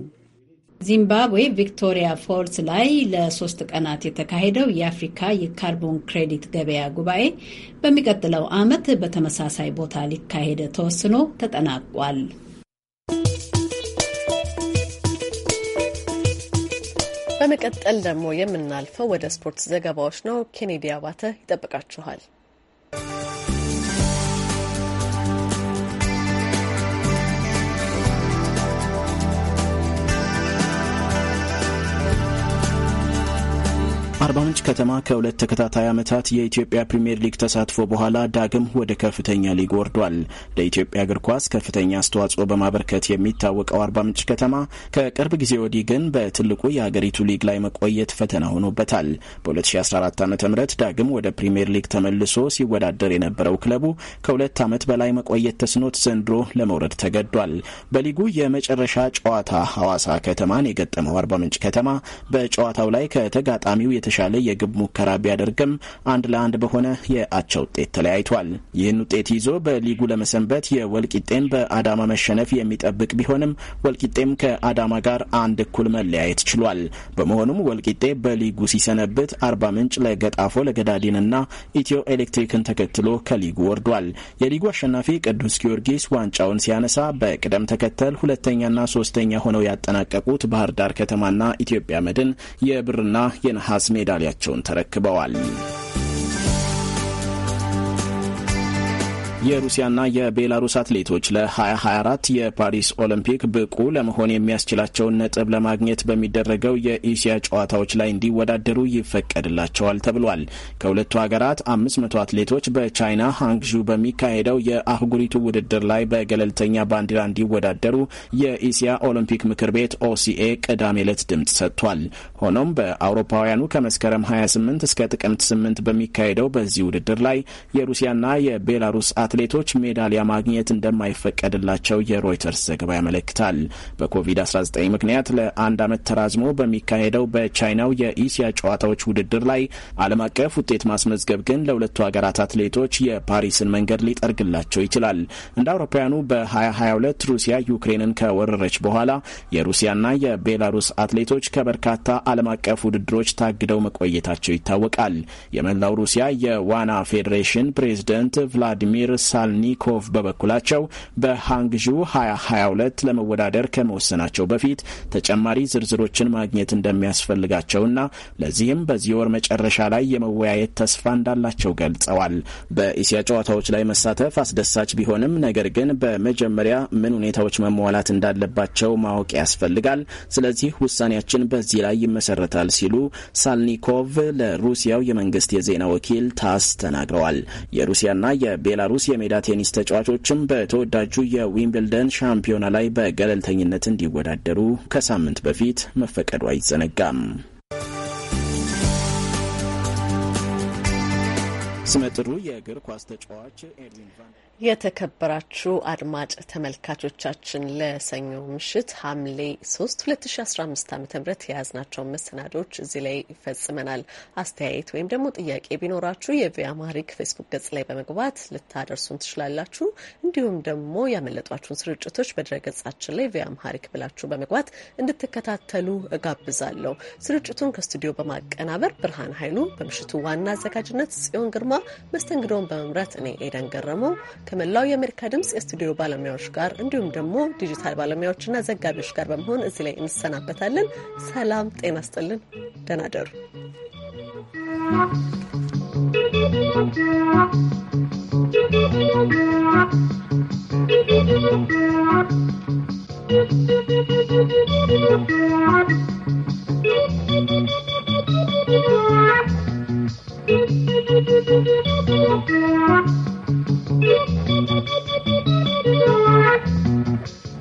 ዚምባብዌ ቪክቶሪያ ፎልስ ላይ ለሶስት ቀናት የተካሄደው የአፍሪካ የካርቦን ክሬዲት ገበያ ጉባኤ በሚቀጥለው ዓመት በተመሳሳይ ቦታ ሊካሄድ ተወስኖ ተጠናቋል። በመቀጠል ደግሞ የምናልፈው ወደ ስፖርት ዘገባዎች ነው። ኬኔዲ አባተ ይጠብቃችኋል። አርባ ምንጭ ከተማ ከሁለት ተከታታይ ዓመታት የኢትዮጵያ ፕሪምየር ሊግ ተሳትፎ በኋላ ዳግም ወደ ከፍተኛ ሊግ ወርዷል። ለኢትዮጵያ እግር ኳስ ከፍተኛ አስተዋጽኦ በማበርከት የሚታወቀው አርባ ምንጭ ከተማ ከቅርብ ጊዜ ወዲህ ግን በትልቁ የአገሪቱ ሊግ ላይ መቆየት ፈተና ሆኖበታል። በ2014 ዓ ም ዳግም ወደ ፕሪምየር ሊግ ተመልሶ ሲወዳደር የነበረው ክለቡ ከሁለት ዓመት በላይ መቆየት ተስኖት ዘንድሮ ለመውረድ ተገዷል። በሊጉ የመጨረሻ ጨዋታ ሐዋሳ ከተማን የገጠመው አርባ ምንጭ ከተማ በጨዋታው ላይ ከተጋጣሚው የተ የተሻለ የግብ ሙከራ ቢያደርግም አንድ ለአንድ በሆነ የአቻ ውጤት ተለያይቷል። ይህን ውጤት ይዞ በሊጉ ለመሰንበት የወልቂጤን በአዳማ መሸነፍ የሚጠብቅ ቢሆንም ወልቂጤም ከአዳማ ጋር አንድ እኩል መለያየት ችሏል። በመሆኑም ወልቂጤ በሊጉ ሲሰነብት አርባ ምንጭ ለገጣፎ ለገዳዲንና ኢትዮ ኤሌክትሪክን ተከትሎ ከሊጉ ወርዷል። የሊጉ አሸናፊ ቅዱስ ጊዮርጊስ ዋንጫውን ሲያነሳ በቅደም ተከተል ሁለተኛና ሶስተኛ ሆነው ያጠናቀቁት ባህር ዳር ከተማና ኢትዮጵያ መድን የብርና የነሐስ ሜዳሊያቸውን ተረክበዋል። የሩሲያና የቤላሩስ አትሌቶች ለ2024 የፓሪስ ኦሎምፒክ ብቁ ለመሆን የሚያስችላቸውን ነጥብ ለማግኘት በሚደረገው የኢሲያ ጨዋታዎች ላይ እንዲወዳደሩ ይፈቀድላቸዋል ተብሏል። ከሁለቱ ሀገራት 500 አትሌቶች በቻይና ሃንግዡ በሚካሄደው የአህጉሪቱ ውድድር ላይ በገለልተኛ ባንዲራ እንዲወዳደሩ የኢሲያ ኦሎምፒክ ምክር ቤት ኦሲኤ ቅዳሜ ዕለት ድምፅ ሰጥቷል። ሆኖም በአውሮፓውያኑ ከመስከረም 28 እስከ ጥቅምት 8 በሚካሄደው በዚህ ውድድር ላይ የሩሲያና የቤላሩስ አትሌቶች ሜዳሊያ ማግኘት እንደማይፈቀድላቸው የሮይተርስ ዘገባ ያመለክታል። በኮቪድ-19 ምክንያት ለአንድ ዓመት ተራዝሞ በሚካሄደው በቻይናው የኢሲያ ጨዋታዎች ውድድር ላይ ዓለም አቀፍ ውጤት ማስመዝገብ ግን ለሁለቱ ሀገራት አትሌቶች የፓሪስን መንገድ ሊጠርግላቸው ይችላል። እንደ አውሮፓውያኑ በ2022 ሩሲያ ዩክሬንን ከወረረች በኋላ የሩሲያና የቤላሩስ አትሌቶች ከበርካታ ዓለም አቀፍ ውድድሮች ታግደው መቆየታቸው ይታወቃል። የመላው ሩሲያ የዋና ፌዴሬሽን ፕሬዝደንት ቭላዲሚር ሳልኒኮቭ በበኩላቸው በሃንግዡ 2022 ለመወዳደር ከመወሰናቸው በፊት ተጨማሪ ዝርዝሮችን ማግኘት እንደሚያስፈልጋቸውና ለዚህም በዚህ ወር መጨረሻ ላይ የመወያየት ተስፋ እንዳላቸው ገልጸዋል። በእስያ ጨዋታዎች ላይ መሳተፍ አስደሳች ቢሆንም ነገር ግን በመጀመሪያ ምን ሁኔታዎች መሟላት እንዳለባቸው ማወቅ ያስፈልጋል። ስለዚህ ውሳኔያችን በዚህ ላይ ይመሰረታል ሲሉ ሳልኒኮቭ ለሩሲያው የመንግስት የዜና ወኪል ታስ ተናግረዋል። የሩሲያና የቤላሩስ የሜዳ ቴኒስ ተጫዋቾችም በተወዳጁ የዊምብልደን ሻምፒዮና ላይ በገለልተኝነት እንዲወዳደሩ ከሳምንት በፊት መፈቀዱ አይዘነጋም። ስመጥሩ የእግር ኳስ ተጫዋች ቫን የተከበራችሁ አድማጭ ተመልካቾቻችን ለሰኞ ምሽት ሐምሌ 3 2015 ዓ ም የያዝናቸውን መሰናዶዎች እዚህ ላይ ይፈጽመናል። አስተያየት ወይም ደግሞ ጥያቄ ቢኖራችሁ የቪያ አማሪክ ፌስቡክ ገጽ ላይ በመግባት ልታደርሱን ትችላላችሁ። እንዲሁም ደግሞ ያመለጧችሁን ስርጭቶች በድረ ገጻችን ላይ ቪያ አማሪክ ብላችሁ በመግባት እንድትከታተሉ እጋብዛለሁ። ስርጭቱን ከስቱዲዮ በማቀናበር ብርሃን ኃይሉ፣ በምሽቱ ዋና አዘጋጅነት ጽዮን ግርማ፣ መስተንግዶውን በመምራት እኔ ኤደን ገረመው ከመላው የአሜሪካ ድምፅ የስቱዲዮ ባለሙያዎች ጋር እንዲሁም ደግሞ ዲጂታል ባለሙያዎችና ዘጋቢዎች ጋር በመሆን እዚህ ላይ እንሰናበታለን። ሰላም ጤና ስጥልን። ደህና ደሩ።